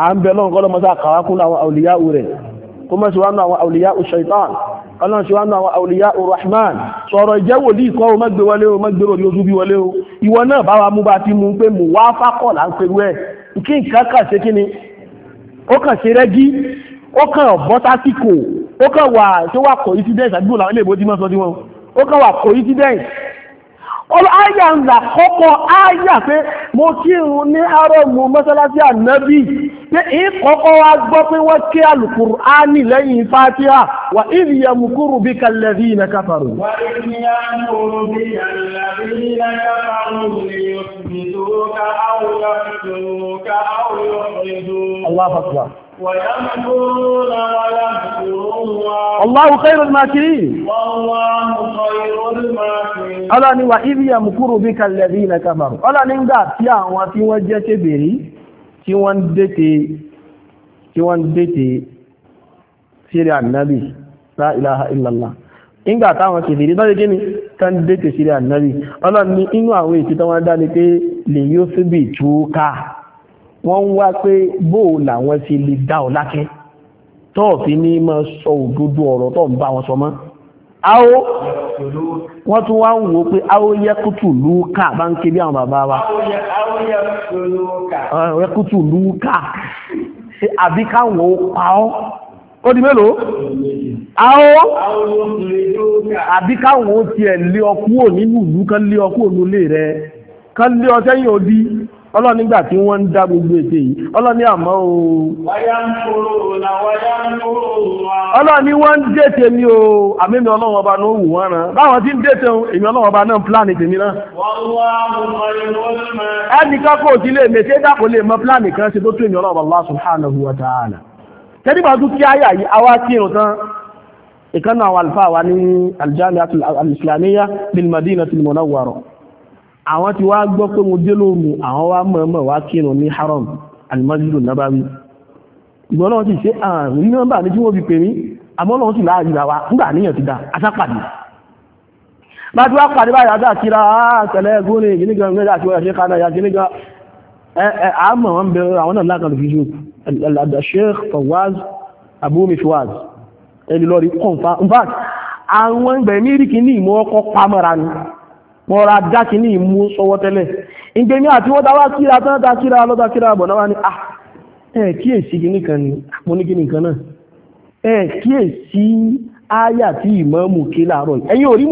Speaker 1: à ń bẹ lọ́run kọ́ lọ́mọ kó mọ́ sí wá náà àwọn àwòlíyá ṣaitan ọlọ́run sí wá náà àwọn àwòlíyá rahman sọ̀rọ̀ ìjẹ́ wòlíì kọ́ o mọ́gbé wọlé o mọ́gbé orí oṣù bí wọlé o ìwọ náà bá wa mú bá ti mú pé mú wá fákọ̀ là ń perú ẹ̀ kí nǹkan kà ṣe kí coincidence áyà ń là kọ́kọ́ áyà pé mo kírun ní àárọ̀ mu mọ́sálásí ànábì pé ìkọ́kọ́ wa gbọ́ pé wọ́n kí alùpùrù á nì lẹ́yìn fatiha wà ìrì yamukuru bí kalẹ̀rí iná káfàrú.
Speaker 2: Allahu akbar. ويمكرون ويمكر الله الله خير الماكرين والله خير ọlọ́ni
Speaker 1: wa ibi ya mùkúrù bí kalẹ̀rí na kàbàrù ọlọ́ni ń gbà tí àwọn tí wọ́n jẹ́ kébèrè tí wọ́n siri sírí ànábì la ilaha illallah táwọn kèfèrè tọ́jú kí ni tán dètè sírí ànábì ọlọ́ni inú àwọn Awo wọ́n tún wá ń wò pé áwó yẹ́kútù lúúkà bá ń ké bí àwọn bàbá wa yẹ́kútù lúúkà àbí káwọn ó pa ọ́ ó di mélòó áwó àbí káwọn ó tiẹ̀ lé ọkú ò nínú ìlú kan lé ọkú ònú lè rẹ kan lé ọ sẹ́yìn òdi ọlọ́run nígbà tí wọ́n ń dá gbogbo ètè yìí ọlọ́run ní àmọ́ o.
Speaker 2: ọlọ́run ní wọ́n ń
Speaker 1: dètè mi o àmì mi ọlọ́run ọba ló wù wọ́n rán báwọn ti ń dètè o èmi ọlọ́run ọba náà pílánì tèmi náà. ẹnìkan kò sí lè mèsè dàpọ̀ lè mọ pílánì kan ṣe tó tó èmi ọlọ́run ọba subhanahu wa ta'ala. tẹ́lifà tún kí ayà yìí àwa kírun tán ìkànnà àwọn àlùfáà wa ní al-Jami'atul Islamiyya bil Madinatul Munawwara àwọn ti wá gbọ́ pé mo dé lóru àwọn wá mọ̀ọ́mọ̀ wá kírun ní haram alimọ́sílù nábàbí ìgbọ́n náà sì ṣe àrùn nọ́mbà ní tí wọ́n fi pè mí àmọ́ náà sì láàrin ìgbà wa nígbà níyàn ti dá asápàdé bá ti wá pàdé báyìí àti àkíra àtẹ̀lẹ́ gúnni ìgbìnigan ìgbìnigan àti wọ́n ṣe kánà ìyá ìgbìnigan àmọ́ wọn bẹ̀rẹ̀ àwọn náà lákàlù fi ṣe Sheikh Fawaz Abu Mifwaz ẹni lọ rí kọ́ńfà in fact àwọn ìgbẹ̀mí rí kí ní ìmọ̀ ọkọ̀ pamọ́ra ni wọ́n ra dákì ní ìmú sọwọ́ tẹ́lẹ̀ ìgbé ní àti wọ́n dáwà kíra tán dá kíra lọ́dá kíra bọ̀ náà ní ah ẹ̀ kíyèsí kí nìkan ni ah, mo ní kí nìkan náà ẹ̀ kíyèsí áyà tí ìmáàmù ké láàárọ̀ ẹ̀yìn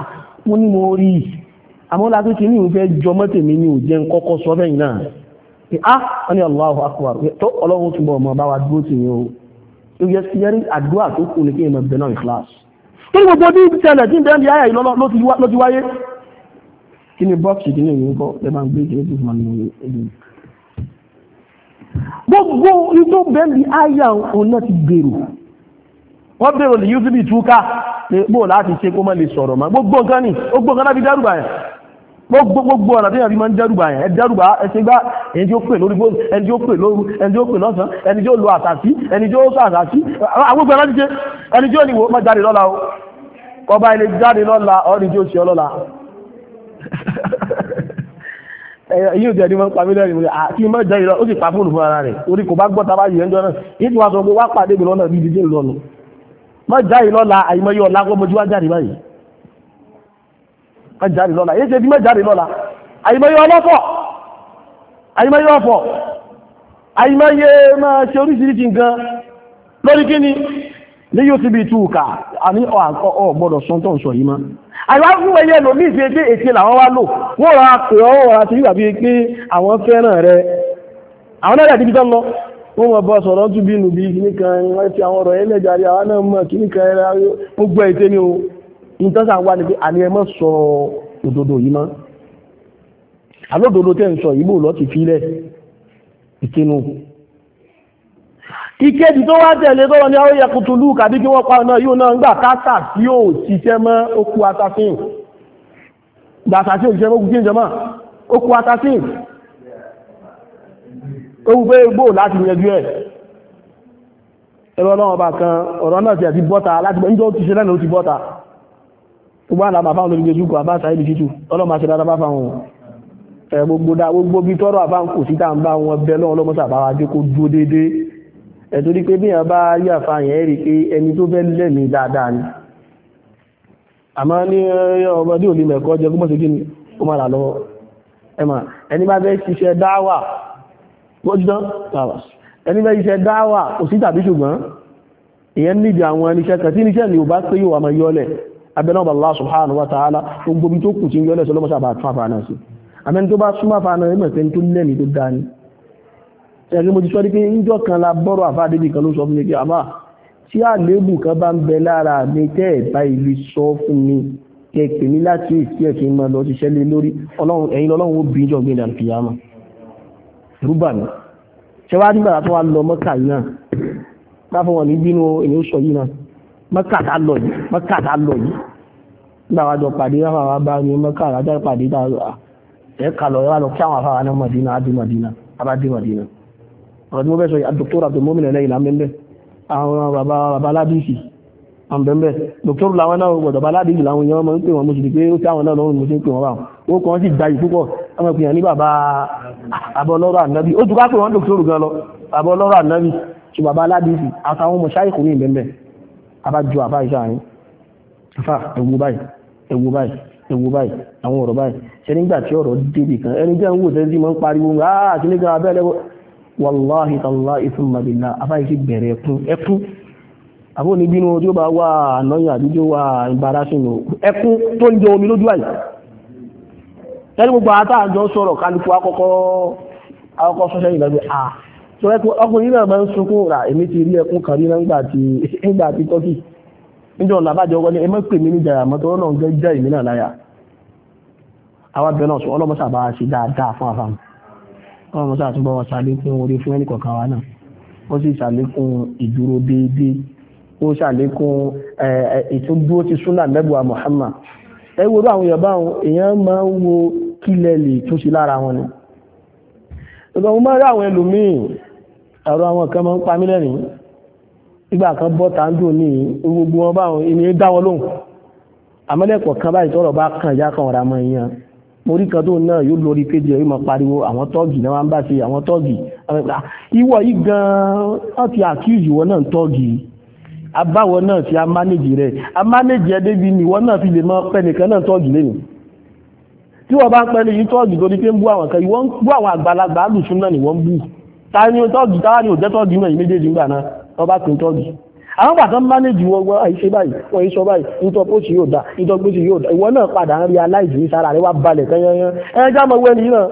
Speaker 1: ah mo ní mo rí i àmọ́ la kékeré ní ìfẹ́ jọmọ́ tèmi ni ò ah wọ́n ní Allahu akbar tó ọlọ́run túbọ̀ ọmọ bá wa o yẹ́rí àdúrà tó kù ní kí n mọ̀ bẹ́ẹ̀ torí gbogbo ní ìṣẹ̀lẹ̀ tí ń bẹ́ẹ̀ ní àyà yìí ló ti wáyé kí ni bọ́ọ̀sì kí ni èyí ń kọ́ ẹ máa ń gbé ìṣẹ̀lẹ̀ tó fún mi èyí. gbogbo ìṣó bẹ́ẹ̀ ní àyà òun náà ti gbèrò wọ́n bèrò lè yúzú bí túká pò láti ṣe kó má lè sọ̀rọ̀ mọ́ gbogbo nǹkan ni gbogbo nǹkan láti dẹ́rùbà yẹn gbogbo ọ̀nà tí yàrá máa ń dẹ́rùbà yẹn ẹ dẹ́rùbà ẹ ṣe gbá ẹni tí ó pè lórí gbóòrò ẹni tí ó pè lóru ẹni tí ó pè lọ́sàn ẹni tí ó lo àtàtì ẹni tí ó sọ àtàtì àwọn gbogbo ẹ̀ láti ṣe ẹni tí ó ní wò ó má jáde lọ́la o kọba ilé jáde lọ́la ọ̀rìn tí ó ṣe ọlọ́la yíò jẹ́ ní wọ́n pa mílẹ̀ ìrìnlẹ̀ àti mọ́ jẹ́ ìrọ̀ ó sì pa fóònù fún ara rẹ̀ orí kò bá gbọ́ta bá yẹn jọ́nà ìtù wa sọ pé wá pàdé mi lọ́nà bíi dídín lọ́nu mọ́ já ìlọ́la àìmọye ọ̀la kó mojú wá jáde báyìí mọ́ jáde lọ́la èyí ṣe bí mọ́ jáde lọ́la àìmọye ọlọ́fọ̀ àìmọye ọ̀fọ̀ àìmọye máa ṣe oríṣiríṣi nǹkan lórí kíni ní yóò ti bí túùkà àní ọ̀gbọ́dọ̀ sọ́ntọ̀ sọ yìí má àìwá fún ẹyẹ lò ní ìfẹ́ pé ètè làwọn wá lò wọ́n rà pé ọwọ́ rà ti yíwà bí pé àwọn fẹ́ràn rẹ àwọn náà dàbí tán lọ wọ́n mọ̀ bọ́ sọ̀rọ̀ tún bínú bí kíní kan wọ́n ti àwọn ọ̀rọ̀ ẹlẹ́jà rí àwọn náà mọ̀ kíní kan ẹ̀rọ gbogbo ètè ni o nǹkan sàn wá ni pé àní ẹ mọ̀ sọ òdodo yìí má àlódodo tẹ́ ń sọ yìí bò lọ́ ti fi lẹ̀ ìtinú ìkéjì tó wá tẹ̀lé tọ́rọ ní àwọn yẹkùtù lù kàbí kí wọ́n pa ọ̀nà yóò náà gbà kásà tí ó ṣiṣẹ́ mọ́ okú assassin gbàsà tí ó ṣiṣẹ́ mọ́ gúgbìn jọmọ́ okú assassin ó wù pé gbò láti yanjú ẹ̀ ẹ̀rọ náà bá kan ọ̀rọ̀ náà ti àti bọ́ta láti bọ́ níjọ́ ti ṣe lẹ́nu ó ti bọ́ta gbogbo àwọn àbáfáwọn olórí gbèjú kò àbáṣà ibi títù ọlọ́mà ṣe dáadáa bá fáwọn ẹ̀ gbogbo bí tọ́rọ àbáǹkò síta ń bá wọn bẹ lọ́wọ́ lọ́mọ́sà bá wa dé kó dúó déédéé ẹ̀torí pé bí wọ́n bá rí àfààyàn rí pé ẹni tó fẹ́ lẹ́mìí dáadáa ni àmọ́ ní ọmọdé òní mẹ́kọ́ jẹ́ kó mọ́sí gíní ó máa rà lọ́wọ́ ẹ̀mà ẹni bá fẹ́ ṣiṣẹ́ dáwà lọ́jọ́ dáwà ẹni bá ṣiṣẹ́ dáwà kò sí tàbí ṣùgbọ́n ìyẹn níbi àwọn ẹniṣẹ́ kan tí níṣẹ́ ni ò bá ẹ̀rí mo ti sọ pé níjọ́ kan la bọ́rọ̀ àfáàdébì kan ló sọ fún mi pé àmà tí àléébù kan bá ń bẹ lára mi tẹ́ ẹ̀ bá ìlú sọ fún mi kẹ̀kẹ́ ní láti ìsí ẹ̀kí máa lọ ṣiṣẹ́ lé lórí ẹ̀yin lọ́lọ́run ó bí jọ gbé ìdànù kìí àmà rúbà mi ṣe wá nígbà tó wá lọ mọ́kà yìí náà bá fún ní bínú èyí ó sọ yìí náà mọ́kà tá lọ yìí mọ́kà tá lọ yìí nígbà wá jọ pàdé láwọn àwọn bá ní mọ́kà àjọ pàdé tá ẹ̀ kà lọ ẹ̀ wá lọ kí àwọn afáwọn náà Mádínà á dé Mádínà á bá dé Mádínà ọ̀rọ̀ tí mo fẹ́ sọ yìí dr abdulmumin ẹ̀lẹ́yìn là ń bẹ́ẹ̀ àwọn bàbá bàbá aládìsì à ń bẹ́ẹ̀ dr làwọn náà gbọ́dọ̀ bàbá aládìsì làwọn èèyàn máa ń pè wọ́n mo sì rí pé ó tí àwọn náà lọ́rùn mo sì ń pè wọ́n báwọn ó kàn sì gbayì púpọ̀ àwọn èèyàn ní bàbá abọ́lọ́rọ̀ ànábì ó tún ká pè wọ́n dr gan lọ bàbá ọlọ́rọ̀ ànábì ṣe bàbá aládìsì àtàwọn ọmọ ṣáìkù wàláhì tàláhì thumma billah afáyí sí bẹ̀rẹ̀ ẹkún ẹkún àbó ní bínú tí ó bá wà ànáyìn àdúgbò wà ìbárasìnà ẹkún tó ń omi lójú àyè tẹ́lẹ̀ gbogbo àtàjọ sọ̀rọ̀ kálukú akọ́kọ́ akọ́kọ́ sọ́sẹ́ ìlàgbé ah, à tó ẹkún ọkùnrin náà máa ń sunkún èmi ti rí ẹkún kan nígbà tí tọ́kì ọ̀nà àbájọ wọlé ẹ má pè mí jẹ́ ìmí náà láyà àwọn abẹ náà sọ ọlọ́mọ sábà ṣe dáadáa ọlọ́run mọ́sá àtúbọ̀ wọn ṣàlékún orí fún ẹnì kọ̀ọ̀kan wa náà ó sì ṣàlékún ìdúró déédéé ó ṣàlékún ìtúndúró ti súnà lẹ́bùà Muhammad ẹ wo àwọn èèyàn báwọn èèyàn máa ń wo kílẹ̀ lè túnṣe lára wọn ni ìgbà mo máa rí àwọn ẹlòmíì ọ̀rọ̀ àwọn kan máa ń pa mí lẹ́rìn ìgbà kan bọ́ tá ń dùn ní gbogbo wọn báwọn ènìyàn dá wọn lóhùn àmọ́lẹ́kọ̀ọ́ kan báyìí tọ́rọ̀ bá kàn ìyá kan ọ̀rọ̀ àmọ́ ìyẹn morí kan tó náà yóò lórí péjì ẹ̀ yóò máa pariwo àwọn tọ́ọ̀gì náà wọ́n bá ṣe àwọn tọ́ọ̀gì ìwọ yìí gan-an wọ́n ti accuse ìwọ náà tọ́ọ̀gì abáwọ náà ti amánéjì rẹ̀ amánéjì ẹ débi ni ìwọ náà fi lè mọ pẹ́ nìkan náà tọ́ọ̀gì lẹ́nu tí wọ́n bá ń pẹ́ ní yìí tọ́ọ̀gì torí pé ń bú àwọn kan ìwọ ń bú àwọn àgbàlagbà alùsùn náà ni wọ́n ń bú àwọn bàtà mánéjì wọn gbọ́ àìṣe báyìí wọ́n ìṣọ́ báyìí ìtọ́pọ̀sí yóò dá ìtọ́gbésí yóò dá ìwọ náà padà ń rí aláìsí ní sára rẹ wá balẹ̀ kẹ́yẹ́yẹ́ ẹjá mọ̀ wẹ́ni yìí náà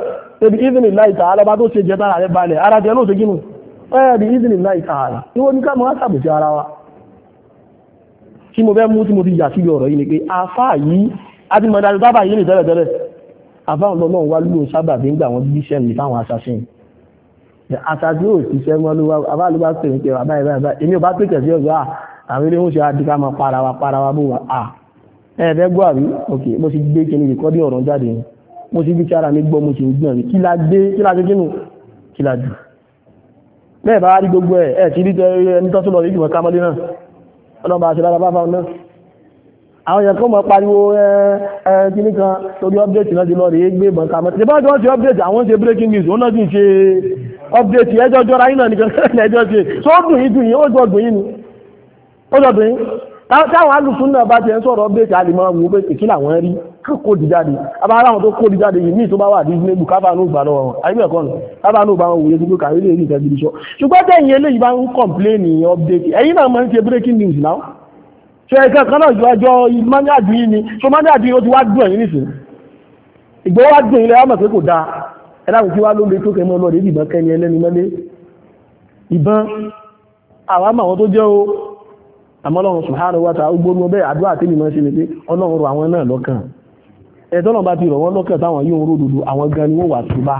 Speaker 1: ebi ìzìnì láìta alọ́ba tó ṣe jẹ́ sára rẹ balẹ̀ ara jẹ́ lóòótọ́ gínú ẹ̀ẹ́dì ìzìnì láìta ara ìwọ ní ká mọ́ á sàbòsí ara wa tí mo fẹ́ mú tí mo ti yà síbi ọ̀rọ̀ yìí ni pé afá yìí a ti mọ̀ dájú sábà yìí nì tẹ́lẹ̀tẹ́lẹ̀ afá ọ̀lọ́lọ́run wá lóò sábà bí ń gbà wọ́n bí sẹ́mi fáwọn assassin aṣáájú ò ṣiṣẹ́ mọ́ ló wá abá ló pé bàbá ẹ̀ bàbá èmi ò bá pè kẹ̀sí ọ̀gá àwọn ilé oúnjẹ adìgá máa para wa para wa bó wa à ẹ̀ẹ́dẹ́ gbọ́ àbí ok mo ti gbé kí ni ìkọ́dí ọ̀rọ̀ jáde ni mo ti bí kára mi gbọ́ mo sì ń gbọ́n mi kí la gbé kí la ṣe kínú kí la jù bẹ́ẹ̀ bá rí gbogbo ẹ̀ ẹ̀ ti rí ẹni tó tún lọ rí jùmọ̀ kámọ́lé àwọn èèyàn kọ́ mọ̀ pariwo ẹ kíní kan torí ọ́bdẹ́tì náà ti lọ rèé gbé ìbọn ká mọ́ ṣe bá jọ ṣe ọ́bdẹ́tì àwọn ṣe breaking news ó náà sì ń ṣe update ẹjọ́ jọra yín náà nìkan náà ẹjọ́ ṣe tó dùn yín dùn yín ó jọ dùn yín ni ó jọ dùn yín táwọn alùpùpù náà bá ti ẹ̀ ń sọ̀rọ̀ update àlìmọ́ wò pé èkí làwọn rí kó di jáde abára àwọn tó kó di jáde yìí ní ìtọ́ bá wà ní ilé ìbù kábà ní ògbà lọ́wọ́ wọn àyíbẹ̀ kan kábà ní ògbà wọn òye gbogbo kàwé lè rí ìtẹ́jú iṣọ́ ṣùgbọ́n tẹ̀yìn eléyìí bá ń kọ̀m̀pléènì update ẹ̀yìn náà máa ń ṣe breaking news náà ṣe ẹ̀kẹ́ kan náà ju ẹjọ́ manager yìí ni so manager yìí ó ti wá dùn ẹ̀yìn nìsín ìgbọ́ wá dùn ilẹ̀ ọmọ pé kò dáa ẹ̀láwùn tí wá ló lè tó kẹmọ́ lọ rèé ìbọn kẹni ẹlẹ́ni mọ́lé ìbọn àwọn tó jẹ́ o àmọ́lọ́run subhanahu wa ta'ala gbóòrùn bẹ́ẹ̀ àdúrà tí nìmọ̀ ṣe lè pé ọlọ́run àwọn náà lọ́kàn ẹ̀tọ́nà bá ti rọ̀ wọ́n lọ́kàn bá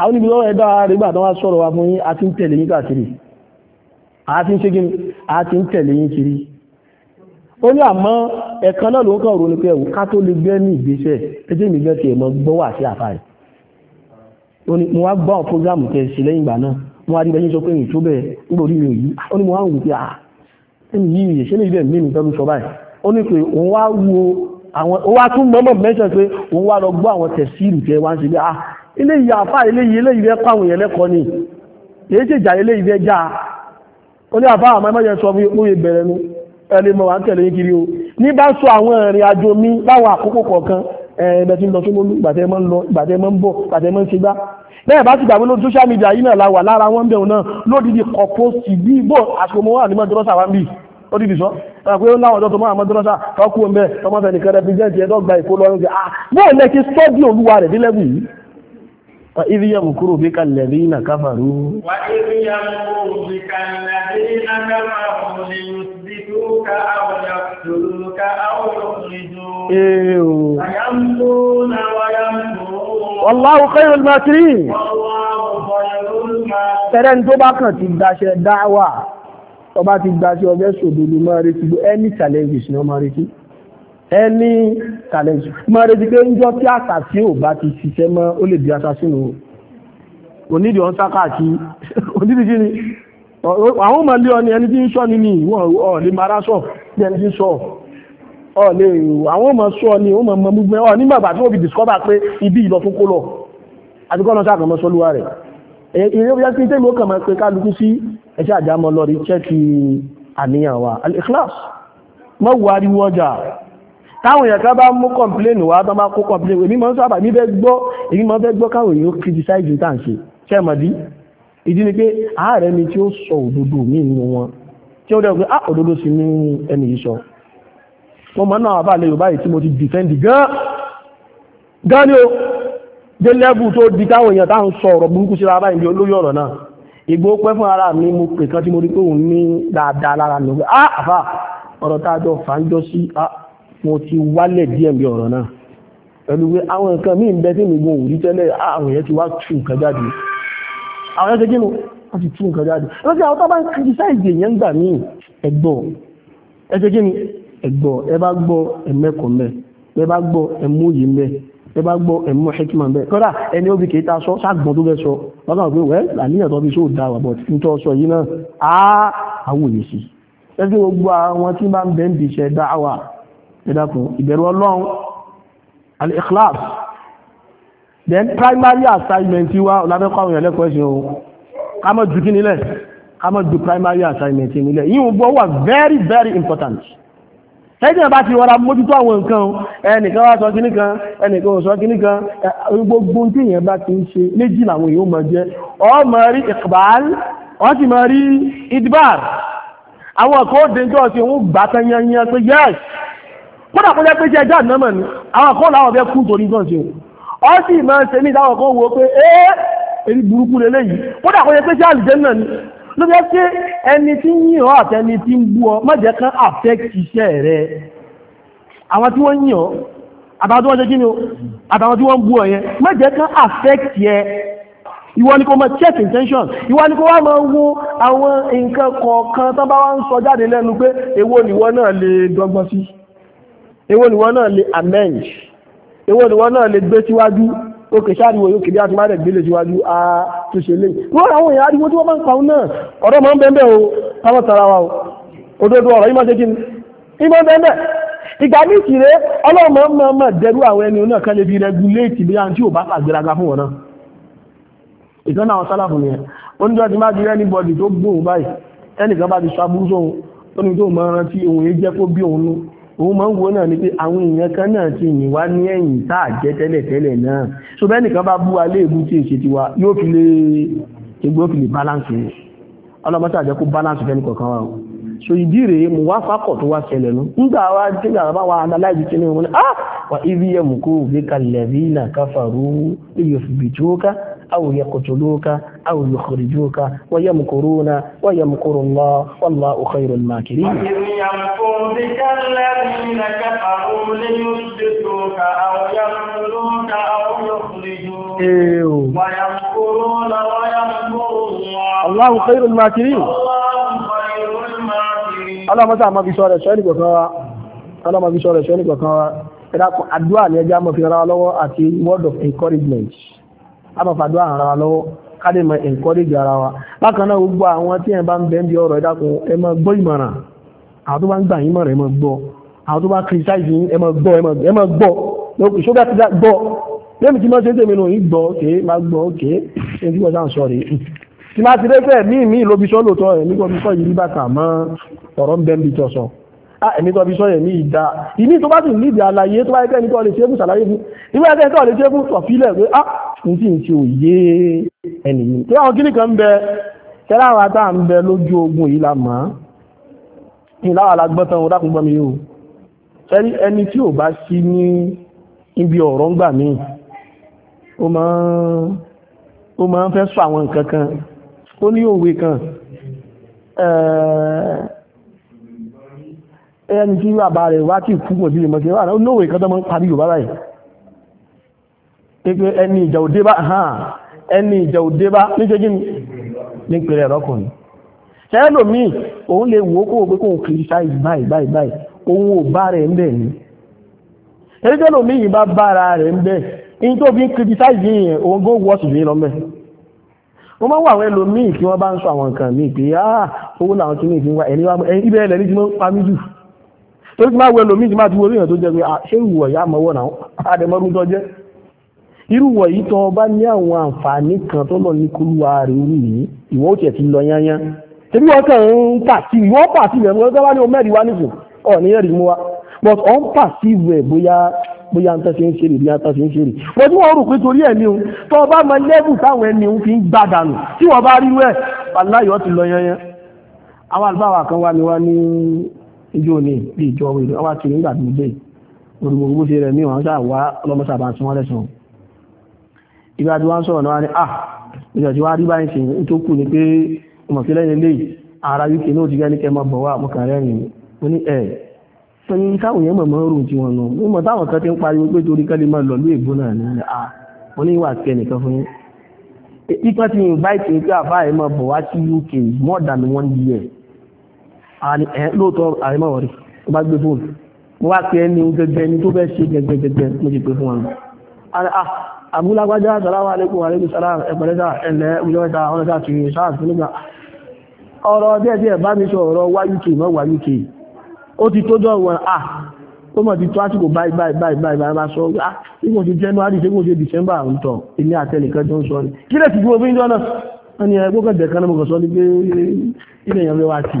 Speaker 1: àwọn níbi lọ́wọ́ ẹ̀dá àrígbà tó wá sọ̀rọ̀ wa fún yín a ti ń tẹ̀lé yín káàkiri a ti ń ṣe gíní a ti ń tẹ̀lé yín kiri ó ní àmọ́ ẹ̀kan náà ló ń kàn ronú pé ẹ̀wù ká tó lè gbẹ́ ní ìgbésẹ̀ ẹjẹ́ mi gbẹ́ ti ẹ̀mọ́ gbọ́ wà sí àfáàrí ó ní mo wá gbọ́ àwọn fógrámù tẹ̀ sí lẹ́yìn ìgbà náà mo wá rí bẹ́yìn sọ pé èyí tó bẹ̀ nítorí mi yìí ó ní mo wá wù pé à ah, ẹni yìí yìí ṣe ní ibẹ̀ mímu tọ́lú sọ báyìí ó ní pé òun wá wo àwọn ó wá tún mọ́mọ́ mẹ́sàn pé òun wá lọ gbọ́ àwọn tẹ̀síìlù tẹ wá ń ṣe bí ah ilé ìyá àfá ilé yìí ilé ìwẹ́ pàwọn èèyàn lẹ́kọ̀ọ́ ni èyí tí ìjà ilé ìwẹ́ já ó ní àfá àmọ́ ẹmọ́yẹ sọ fún oyè bẹ̀rẹ̀ nu ẹni mọ̀ wá ń tẹ̀lé yín kiri o ní bá sọ àwọn ìrìn àjò mi láwọn àkókò kọ̀ọ̀kan ẹ̀ẹ́dẹ̀ tí ń lọ sí mọ́lú ìgbàtẹ́ mọ́ ń lọ ìgbàtẹ́ mọ́ ń bọ̀ ìgbàtẹ́ mọ́ ń ṣe gbá bẹ́ẹ̀ bá ti gbàgbé lórí social media yìí náà la wà lára wọn bẹ̀rù náà lódìdí kọ̀pọ̀ sí bí bò àṣomọ́ wà ní mọ́dúrọ́sà wa ń bì lódìdí sọ pé ó láwọn ọjọ́ tó máa mọ́dúrọ́sà tọ́kù ń bẹ tọmọ fẹ́ nìkan represent ẹ̀dọ́ gba ìkó lọ́rùn jẹ́ ah bóò lẹ́kí sọ́dí olúwa rẹ̀ délẹ́gùn yìí وإذ يمكر بك الذين كفروا
Speaker 2: وإذ يمكر بك الذين كفروا ليثبتوك أو يقتلوك أو يخرجوك فيمكرون ويمكرون والله خير الماكرين والله خير
Speaker 1: الماكرين ترى أنتم بقى تبدأ دعوة ọba ti gbaṣẹ́ ọjọ́ ṣòdòdó máa retí ẹni challenges ni wọ́n máa retí ẹni challenge máa retí pé níjọ́ tí àṣà tí ò bá ti ṣiṣẹ́ mọ́ ó lè di assassin o onídìí ọ̀n sáká àti onídìí kí ni àwọn ọmọ ilé ọni ẹni tí ń sọ ni ni ìwọ̀n ọ̀lẹ́ mara sọ bí ẹni tí ń sọ ọ̀lẹ́ àwọn ọmọ sọ ni ó mọ̀ gbogbo ọ̀ nígbà bàtí ó fi discover pé ibi ìlọ tó kó lọ àti kọ́nà sáà kàmọ́ sọ́lúwà rẹ̀ èyí ó fi jásí tẹ́lú ó kàmọ́ pé kálukú sí ẹ̀ṣẹ́ àjámọ́ lọ rí chẹ́kì àníyàn wa al-ikhlas mọ́ wàá rí wọ́jà táwọn èèyàn kan bá mú complain wá tán bá kó kọ̀m̀pléènì èmi máa ń sábà mi fẹ́ gbọ́ èmi máa ń fẹ́ gbọ́ káwọn èèyàn criticize ní tàǹṣe ṣe mọ̀dí ìdí ni pé ààrẹ ni tí ó sọ òdodo mi nínú wọn tí ó dẹ̀ pé á ah, òdodo sì ní ẹni yìí sọ wọn mọ̀ náà àbálẹ̀ Yorùbá yìí tí mo ti defend gan gan ni o dé level tó di táwọn èèyàn táwọn sọ ọ̀rọ̀ burúkú síra báyìí bí olóyè ọ̀rọ̀ náà ìgbó pẹ́ fún ara mi mo pè kan tí mo rí pé òun ní dáadáa lára mi ah àfà ọ̀rọ̀ tá a fà ń jọ sí ah mo ti wálẹ̀ díẹ̀ bí ọ̀rọ̀ náà pẹ̀lú pé àwọn nǹkan míì ń bẹ tí mi gbọ́n òrí tẹ́lẹ̀ àwọn èèyàn ti wá tú nǹkan jáde àwọn èèyàn ti kí ni wọ́n ti tú nǹkan jáde lọ́sí àwọn tó bá ń kìrìsáìdì èèyàn gbà míì ẹgbọ́ ẹ kí ni ẹgbọ́ ẹ bá gbọ́ ẹmẹ́kọ̀ọ́ mẹ́ ẹ bá gbọ́ ẹmúyè mẹ́ ẹ bá gbọ́ ẹmú hekima mẹ́ kọ́dà ẹni ó fi kì í ta sọ ságbọ́n tó fẹ́ sọ lọ́sàn pé wẹ́ àníyàn tó fi sóò da wà bọ̀ nítorí ọsọ yìí náà á àwọn ìdákun ìbẹ̀rù ọlọ́run al-ikhlas then primary assignment wa lábẹ́kọ́ àwọn ìyànlẹ́kọ̀ọ́ ẹ̀ṣẹ̀ ohun ká mọ́ jù kí nílẹ̀ ká mọ́ jù primary assignment nílẹ̀ yíò gbọ́ wà very very important ẹgbẹ́ bá ti rọra mójútó àwọn nǹkan ẹnìkan wá sọ kíní kan ẹnìkan ò sọ kíní kan gbogbo tí èèyàn bá ti ń ṣe méjì làwọn èèyàn máa jẹ ọ máa rí iqbal ọ sì máa rí idbar àwọn kan ó dé ń tọ́ sí òun gbà tán yányán pé yes kódà kó jẹ́ pé jẹ́ jáde náà mọ̀ ní àwọn àkọ́ làwọn fẹ́ kú torí náà ṣe ọ sì máa ń ṣe ní ìdáwọ̀ kan wo pé ẹ́ èyí burúkú lélẹ́yìí kódà kó jẹ́ pé jẹ́ àlùjẹ́ náà ni ló jẹ́ pé ẹni tí ń yìn ọ́ àtẹni tí ń bú ọ má jẹ́ kán affect iṣẹ́ rẹ àwọn tí wọ́n yìn ọ́ àtàwọn tí wọ́n ṣe kí ni o àtàwọn tí wọ́n bú ọ yẹn má jẹ́ kán affect yẹ ìwọ ni kò máa check intention ìwọ ni kò wá máa wo àwọn nǹkan kọ̀ọ̀kan tán bá wá ń sọ jáde lẹ́nu pé èwo nìwọ náà lè dọ́gbọ́n sí. Ewo ni wọ́n náà lè amend èwo ni wọ́n náà lè gbé síwájú òkè sáàdìwò yóò kìí àti mádẹ̀ gbélé síwájú a tó ṣe lè wọ́n àwọn èèyàn ariwo tí wọ́n máa ń pa òun náà ọ̀rọ̀ máa ń bẹ́ẹ̀ bẹ́ẹ̀ o káwọn tara wa o òdodo ọ̀rọ̀ yìí máa ṣe kí ni ìmọ̀ bẹ́ẹ̀ bẹ́ẹ̀ ìgbà ní ìṣiré ọlọ́run máa ń máa máa dẹrú àwọn ẹni náà kan lè fi rẹguléètì bí àǹtí ò bá pàgbéraga fún wọn náà di rẹ́ni bọ́dì tó gbóhùn báyìí ẹnìkan bá ti òun ma ń wo náà ni pé àwọn èèyàn kan náà ti yìn wá ní ẹ̀yìn jẹ́ tẹ́lẹ̀tẹ́lẹ̀ náà so bẹ́ẹ̀ nìkan bá bú wa léèbú tí èsì tiwa yóò fi egbò fi lè balance rẹ̀ ọlọ́mọta àjẹ́ kó balance fẹ́ni kọ̀ọ̀kan so ìdí rèé mo wá fákọ̀ tó wá ṣẹlẹ̀ nù nígbà wa nígbà bá wa ana kí ni wọn ni ah ibi yẹ mú kó kalẹ̀ bí ibi ká أو يقتلوك أو يخرجوك ويمكرون ويمكر الله والله خير الماكرين وإذ الذين
Speaker 2: كفروا ليثبتوك أو يقتلوك أو يخرجوك ويمكرون ويمكر الله الله خير الماكرين الله خير الماكرين الله متى
Speaker 1: ما في سؤال سؤال الله ما في سؤال سؤال ẹ̀dá àdúrà ní ẹjá mọ̀ fi ra lọ́wọ́ àti word of encouragement abàfàdó àrà wa lọ́wọ́ kádé mọ encourage ara wa bákan náà gbogbo àwọn tí ẹ bá ń bẹ ń bí ọ̀rọ̀ ìdákun ẹ máa gbọ́ ìmọ̀ràn àwọn tó bá ń gbà yín mọ̀ràn ẹ máa gbọ́ àwọn tó bá criticize yín ẹ máa gbọ́ ẹ máa gbọ́ ìṣó bá ti gbọ́ lẹ́mi tí máa ṣe tèmi nù yín gbọ́ òkè máa gbọ́ òkè ṣe tí wọ́n sá ń sọ rèé tí máa ti dé fẹ́ mí mí lóbi sọ́ lóòótọ́ ẹ̀ nígbà mi sọ yìí bàtà mọ́ ọ̀rọ̀ ń bẹ́ ń tọ̀ sọ. Ah, ẹ̀mí tó fi sọ́yẹ̀ ní ìdá ìní tó bá sì níbi àlàyé tó bá ẹgbẹ́ ní tó lè ṣe fún ṣàlàyé fún ìwé ẹgbẹ́ tó lè ṣe fún sọ̀fílẹ̀ pé á ah, ní tí ń ṣe òye ẹnì yìí tó àwọn kíní kan ń bẹ tẹ́lá àwọn ata ń bẹ lójú ogun yìí la mọ̀ á ní láwọn alágbọ́tán wọn dákun gbọ́n mi yóò sẹ́rí ẹni tí ò bá sí ní ibi ọ̀rọ̀ ńgbà mí ó máa ń fẹ́ sọ àwọn nǹkan kan ó ní òwe kan ẹ̀ẹ́ ẹni tí bàbá rẹ̀ wá tí kú kò sí lè mọ̀ sí wà lóòwò ìkọ́tọ́ mọ́ ń parí yorùbá báyìí pé ẹni ìjà òde bá hàn ẹni ìjà òde bá níṣẹ́ kí
Speaker 3: ní pèrè ẹ̀rọ kan
Speaker 1: ni ṣẹ́lò míì òun lè wò ó kó o pé kó o kiri ṣáì báyìí báyìí báyìí òun ò bá rẹ̀ ń bẹ̀ ni ẹ̀rẹ́jẹ́lò míì bá bára rẹ̀ ń bẹ̀ in tó bí criticize yìnyẹn òun gó wọ́sù yìí lọ́mẹ́ wọ́n máa wà àwọn ẹlòmíì tí wọ́n bá ń sọ àwọn nǹkan míì pé ah owó làwọn tí ní ìdíwá ẹni wá ibẹ̀ ẹlẹ́ni tí wọ́n pa mí jù torí tí máa wẹ lómi tí máa ti wo oríyàn tó jẹ́ pé ṣé ìwọ̀ ìyá àmọ́wọ́ náà àdẹ̀mọ́rú tó jẹ́ irú wọ̀ yìí tó bá ní àwọn àǹfààní kan tó lọ ní kúlúwa rẹ̀ orí yìí ìwọ́ ó tiẹ̀ ti lọ yányán tẹbí wọ́n kàn ń pàṣí ìwọ́ pàṣí rẹ̀ wọ́n tọ́wá ní o mẹ́rin wá nìfò ọ̀ ní ẹ̀rí mú wa but ọ̀ ń pàṣí rẹ̀ bóyá bóyá ń tẹ́sí ń ṣe rè bóyá ń tẹ́sí ń ṣe rè wọ́n tí wọ́n rò pé torí ẹ̀mí o tó bá mọ lẹ́bù táwọn ẹni ń fi ń gbà dànù tí wọ́n bá rí rẹ̀ aláyọ̀ ti lọ yányán àwọn àlùfáà kan wá ni wá ní ìjọ ní bí ìjọ ìlú ọwá kiri nígbà tó dé orúgbogbo ṣe rẹ̀ míì wọ́n sáà wá ọlọ́mọsàbà tí wọ́n lẹ́sàn ìgbà tí wọ́n sọ̀rọ̀ náà ni ah ìjọ tí wọ́n rí báyìí sí ní tó kù ni pé ọmọ sí lẹ́yìn lè ara uk náà ti gẹ́ni kẹmọ bọ̀ wá mo kàn rẹ́rìn mo ní ẹ̀ tó ní táwọn yẹn mọ̀ mọ́ rò tí wọn lọ mo mọ̀ táwọn kan ti ń pariwo pé torí kẹ́lẹ́ máa lọ lú ègbó náà ní ah mo ní ìwà àti ẹnìkan fún yín ìtàn ti invite pé àfáà yẹn mọ̀ bọ̀ wá sí uk more than one year lóòótọ́ àrímọ̀wọ̀rí tó bá gbé fóònù mo wá pé ẹni gẹ́gẹ́ ni tó fẹ́ ṣe gẹ́gẹ́gẹ́gẹ́ mo sì pé fún wọn abúlágbájá sàláwà alẹ́kùn alẹ́kùn sàlámà ẹ̀pẹ̀lẹ́sà ẹ̀lẹ́ ìjọba ọlọ́sà kì í sáà tó nígbà ọ̀rọ̀ díẹ̀ díẹ̀ bá mi sọ ọ̀rọ̀ wá uk mọ́ wá uk ó ti tó dọ̀wọ̀ à ó mọ̀ ti tó àsìkò báyìí báyìí báyìí báyìí báyìí bá sọ à ìgbò ṣe January ṣe kò ṣe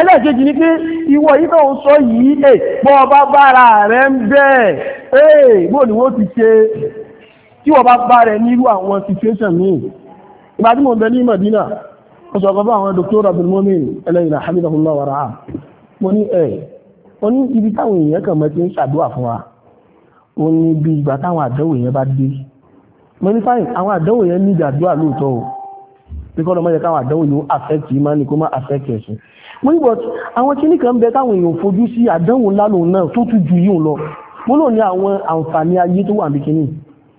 Speaker 1: ẹlẹ́ẹ̀kejì ni pé ìwọ yìí tó ń sọ yìí lè pọ́ ọba bára rẹ̀ ń bẹ́ẹ̀ ee bó ni wọ́n ti ṣe tí wọ́n bá bá rẹ̀ nírú àwọn situation míì ìgbà tí mo bẹ ní Madina mo sọ bàbá àwọn Dr. Abdulmumin ẹlẹ́yìn wa ra'a mo ní ẹ̀ mo ní ibi táwọn èèyàn kan mọ́ ti ń wa mo ní affect ìmánì kó affect ẹ̀sìn mo ní but àwọn kíní kan bẹ táwọn èèyàn fojú sí àdánwò ńlá lòun náà tó tún ju yíò lọ mo lò ní àwọn àǹfààní ayé tó wà bìkíní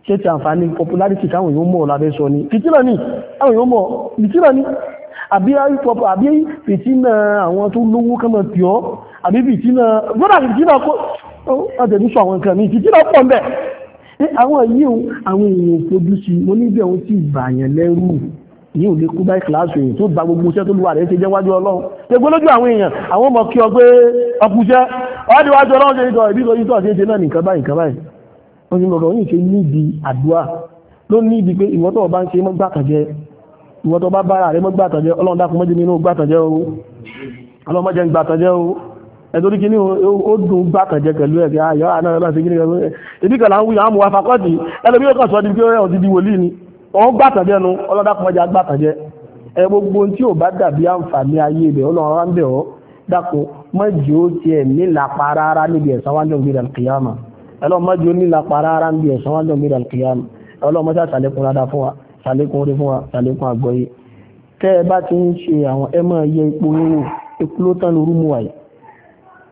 Speaker 1: ṣé ti àǹfààní popularity káwọn èèyàn mọ̀ lábẹ́ sọ ni fìtìlà ni àwọn èèyàn mọ̀ fìtìlà ni àbí àìpọ̀pọ̀ àbí fìtínà àwọn tó lówó kánmọ̀ tí ọ́ àbí fìtínà gbọ́dà fìtínà kó ọdẹ̀dú sọ àwọn nǹkan mi fìtínà pọ̀ mẹ́ àwọn yíò àwọn yìí ò lè kú báyìí kìláàsì èyí tó gba gbogbo iṣẹ́ tó lùwà rẹ̀ ṣe jẹ́ wájú ọlọ́run gbogbo lójú àwọn èèyàn àwọn ọmọ kí ọ pé ọkùnṣẹ́ ọdí wájú ọlọ́run ṣe ìtọ̀ ìbí ìtọ̀ ìtọ̀ ṣe ṣe náà nìkan báyìí nìkan báyìí wọ́n ti lọ́rọ̀ yìí ṣe níbi àdúrà ló níbi pé ìwọ tó bá ń ṣe mọ́gbàtànjẹ ìwọ tó bá bára rẹ mọ́gbàtànjẹ ọlọ́run dákun mọ́jẹ́ nínú gbàtànjẹ o ọlọ́run mọ́jẹ́ gbàtànjẹ o ẹ̀tọ́rí kí ní ó dùn gbàtànjẹ pẹ̀lú ẹ̀kẹ́ ayọ́ àná ẹ̀lá ṣe kí ní ẹ̀bí kan láwọn wíyàn àmúwà fakọ́ọ̀tì ẹlẹ́bí ó kàn sọ di pé ọ̀dìdì wòlíì ni òun gbàtànjẹ́ nu ọlọ́dàkùnmọ́jà gbàtànjẹ́ ẹ gbogbo tí ò bá dàbí àǹfààní ayé ibẹ̀ ọlọ́run rán bẹ̀ ọ́ dákun mọ́jì ó tiẹ̀ nílapa rárá níbi ẹ̀sán wájú gbéra kìyàmà ẹlọ́ mọ́jì ó nílapa rárá níbi ẹ̀sán wájú gbéra kìyàmà ẹlọ́ mọ́jì àtàlẹ́kùn rárá fún wa àtàlẹ́kùn orí fún wa àtàlẹ́kùn àgbọ́yé tẹ́ ẹ bá ti ń ṣe àwọn ẹ máa yẹ ipò wíwò ipò ló tán lórí mu wáyé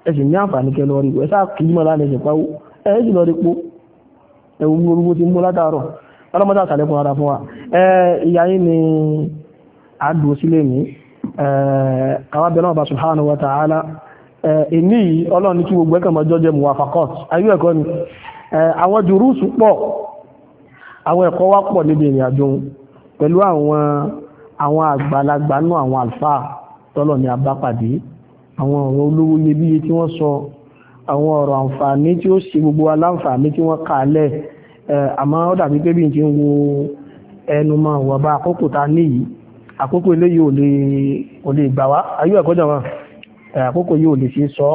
Speaker 1: ẹ sì ní àǹfààní kẹ lọ rí ẹ sáà kì í mọ̀ láti ẹsẹ̀ pawó ẹ sì lọ rí po ẹ wo gbogbo ti ń bọ́ látàárọ̀ ọlọ́mọdé àtàlẹ́kùn ara fún wa ìyá yìí ni àdùn sílé mi àwọn ọba subhanahu wa ta'ala èmi yìí ọlọ́run ní kí gbogbo ẹ̀kọ́ mọ́jọ́ jẹ́ muwafaqat ayé ẹ̀kọ́ ni àwọn jùrúùsù pọ̀ àwọn ẹ̀kọ́ wá pọ̀ níbi ìrìn àjò pẹ̀lú àwọn àwọn àgbàlagbà náà àwọn àlfáà tọ́lọ̀ ní abápàdé àwọn ọ̀rọ̀ olówó iyebíye tí wọ́n sọ àwọn ọ̀rọ̀ àǹfààní tí ó ṣe gbogbo aláǹfààní tí wọ́n kà á lẹ́ẹ̀ àmọ́ ó dàbí pé bí n ti ń wo ẹnu mọ́ wọ́n bá àkókò ta níyì àkókò eléyìí ò lè gbà wá ayé ẹ̀kọ́ jọ̀wọ́n àkókò yìí ò lè ṣe sọ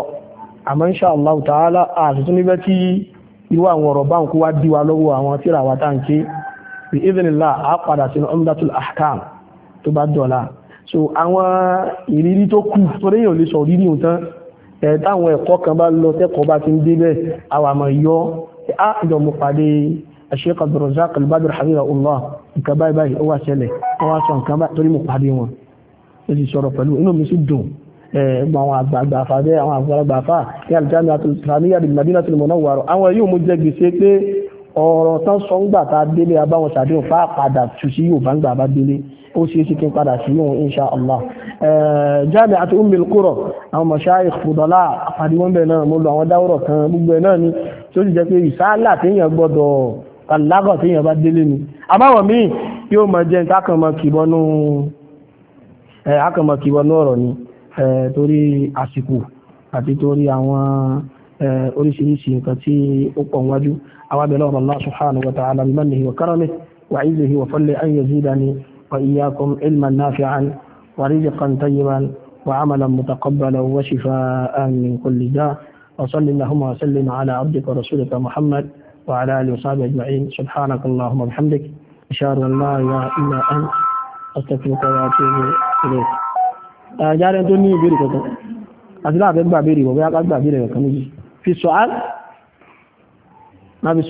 Speaker 1: àmọ́ insha Allah ta'ala àtúntún níbẹ̀ tí irú àwọn ọ̀rọ̀ báwọn kó wá dí wa lọ́wọ́ àwọn tíra wa táà ń ké bí idhnillah á padà sínú umdatul ahkam tó bá dọ̀la so àwọn ìrírí tó kù tó léyìn ò lè sọ rírí nǹkan ẹ̀ táwọn ẹ̀kọ́ kan bá lọ pé ah, á ìjọ mo pàdé Sheikh Abdurrazaq Al-Badr hafizahullah nǹkan báyìí báyìí ó wà ṣẹlẹ̀ ó wá sọ nǹkan báyìí torí mo pàdé wọn ó sì sọ̀rọ̀ pẹ̀lú inú mi sì dùn gbọ́n àwọn àgbààgbà àwọn àgbààgbà ní al-Jami'a al-Islamiyya bil-Madinati àwọn yóò mú jẹ gbèsè pé ọ̀rọ̀ tán sọ tá a délé abáwọn sàdéhùn fáà padà tù sí yóò bá ń gbà bá délé o si é ṣe kí n padà sí òun insha allah eh, jami'at ummil qura àwọn mashayikh fudala na bẹ̀ náà mo lo àwọn dáwọ́rọ̀ kan gbogbo ẹ̀ náà ni tí ó sì jẹ́ pé ìsáàlà téèyàn gbọ́dọ̀ alágọ̀ téèyàn bá délé ni àbáwọ̀ míì yóò máa jẹ́ nǹkan kìbọnú eh, ọ̀rọ̀ ni eh, torí àsìkò àti torí àwọn oríṣiríṣi nǹkan tí ó pọ̀ wájú àwọn abẹ́lẹ́ ọ̀rọ̀ Allah wa wa وإياكم علما نافعا ورزقا طيبا وعملا متقبلا وشفاء من كل داء وصل اللهم وسلم على عبدك ورسولك محمد وعلى آله وصحبه أجمعين سبحانك اللهم وبحمدك أشهد أن لا إله إلا أنت أستغفرك وأتوب إليك جارين tó ní ìbéèrè
Speaker 3: kankan
Speaker 1: àti بيري gbà béèrè wọ̀ bí a gbà béèrè kankan méjì fi sọ́ál náà fi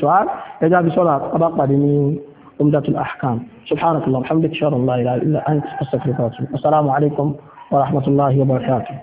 Speaker 1: sọ́ál عمدة الأحكام سبحانك اللهم وبحمدك أشهد الله لا إله إلا أنت
Speaker 3: أستغفرك السلام عليكم ورحمة الله وبركاته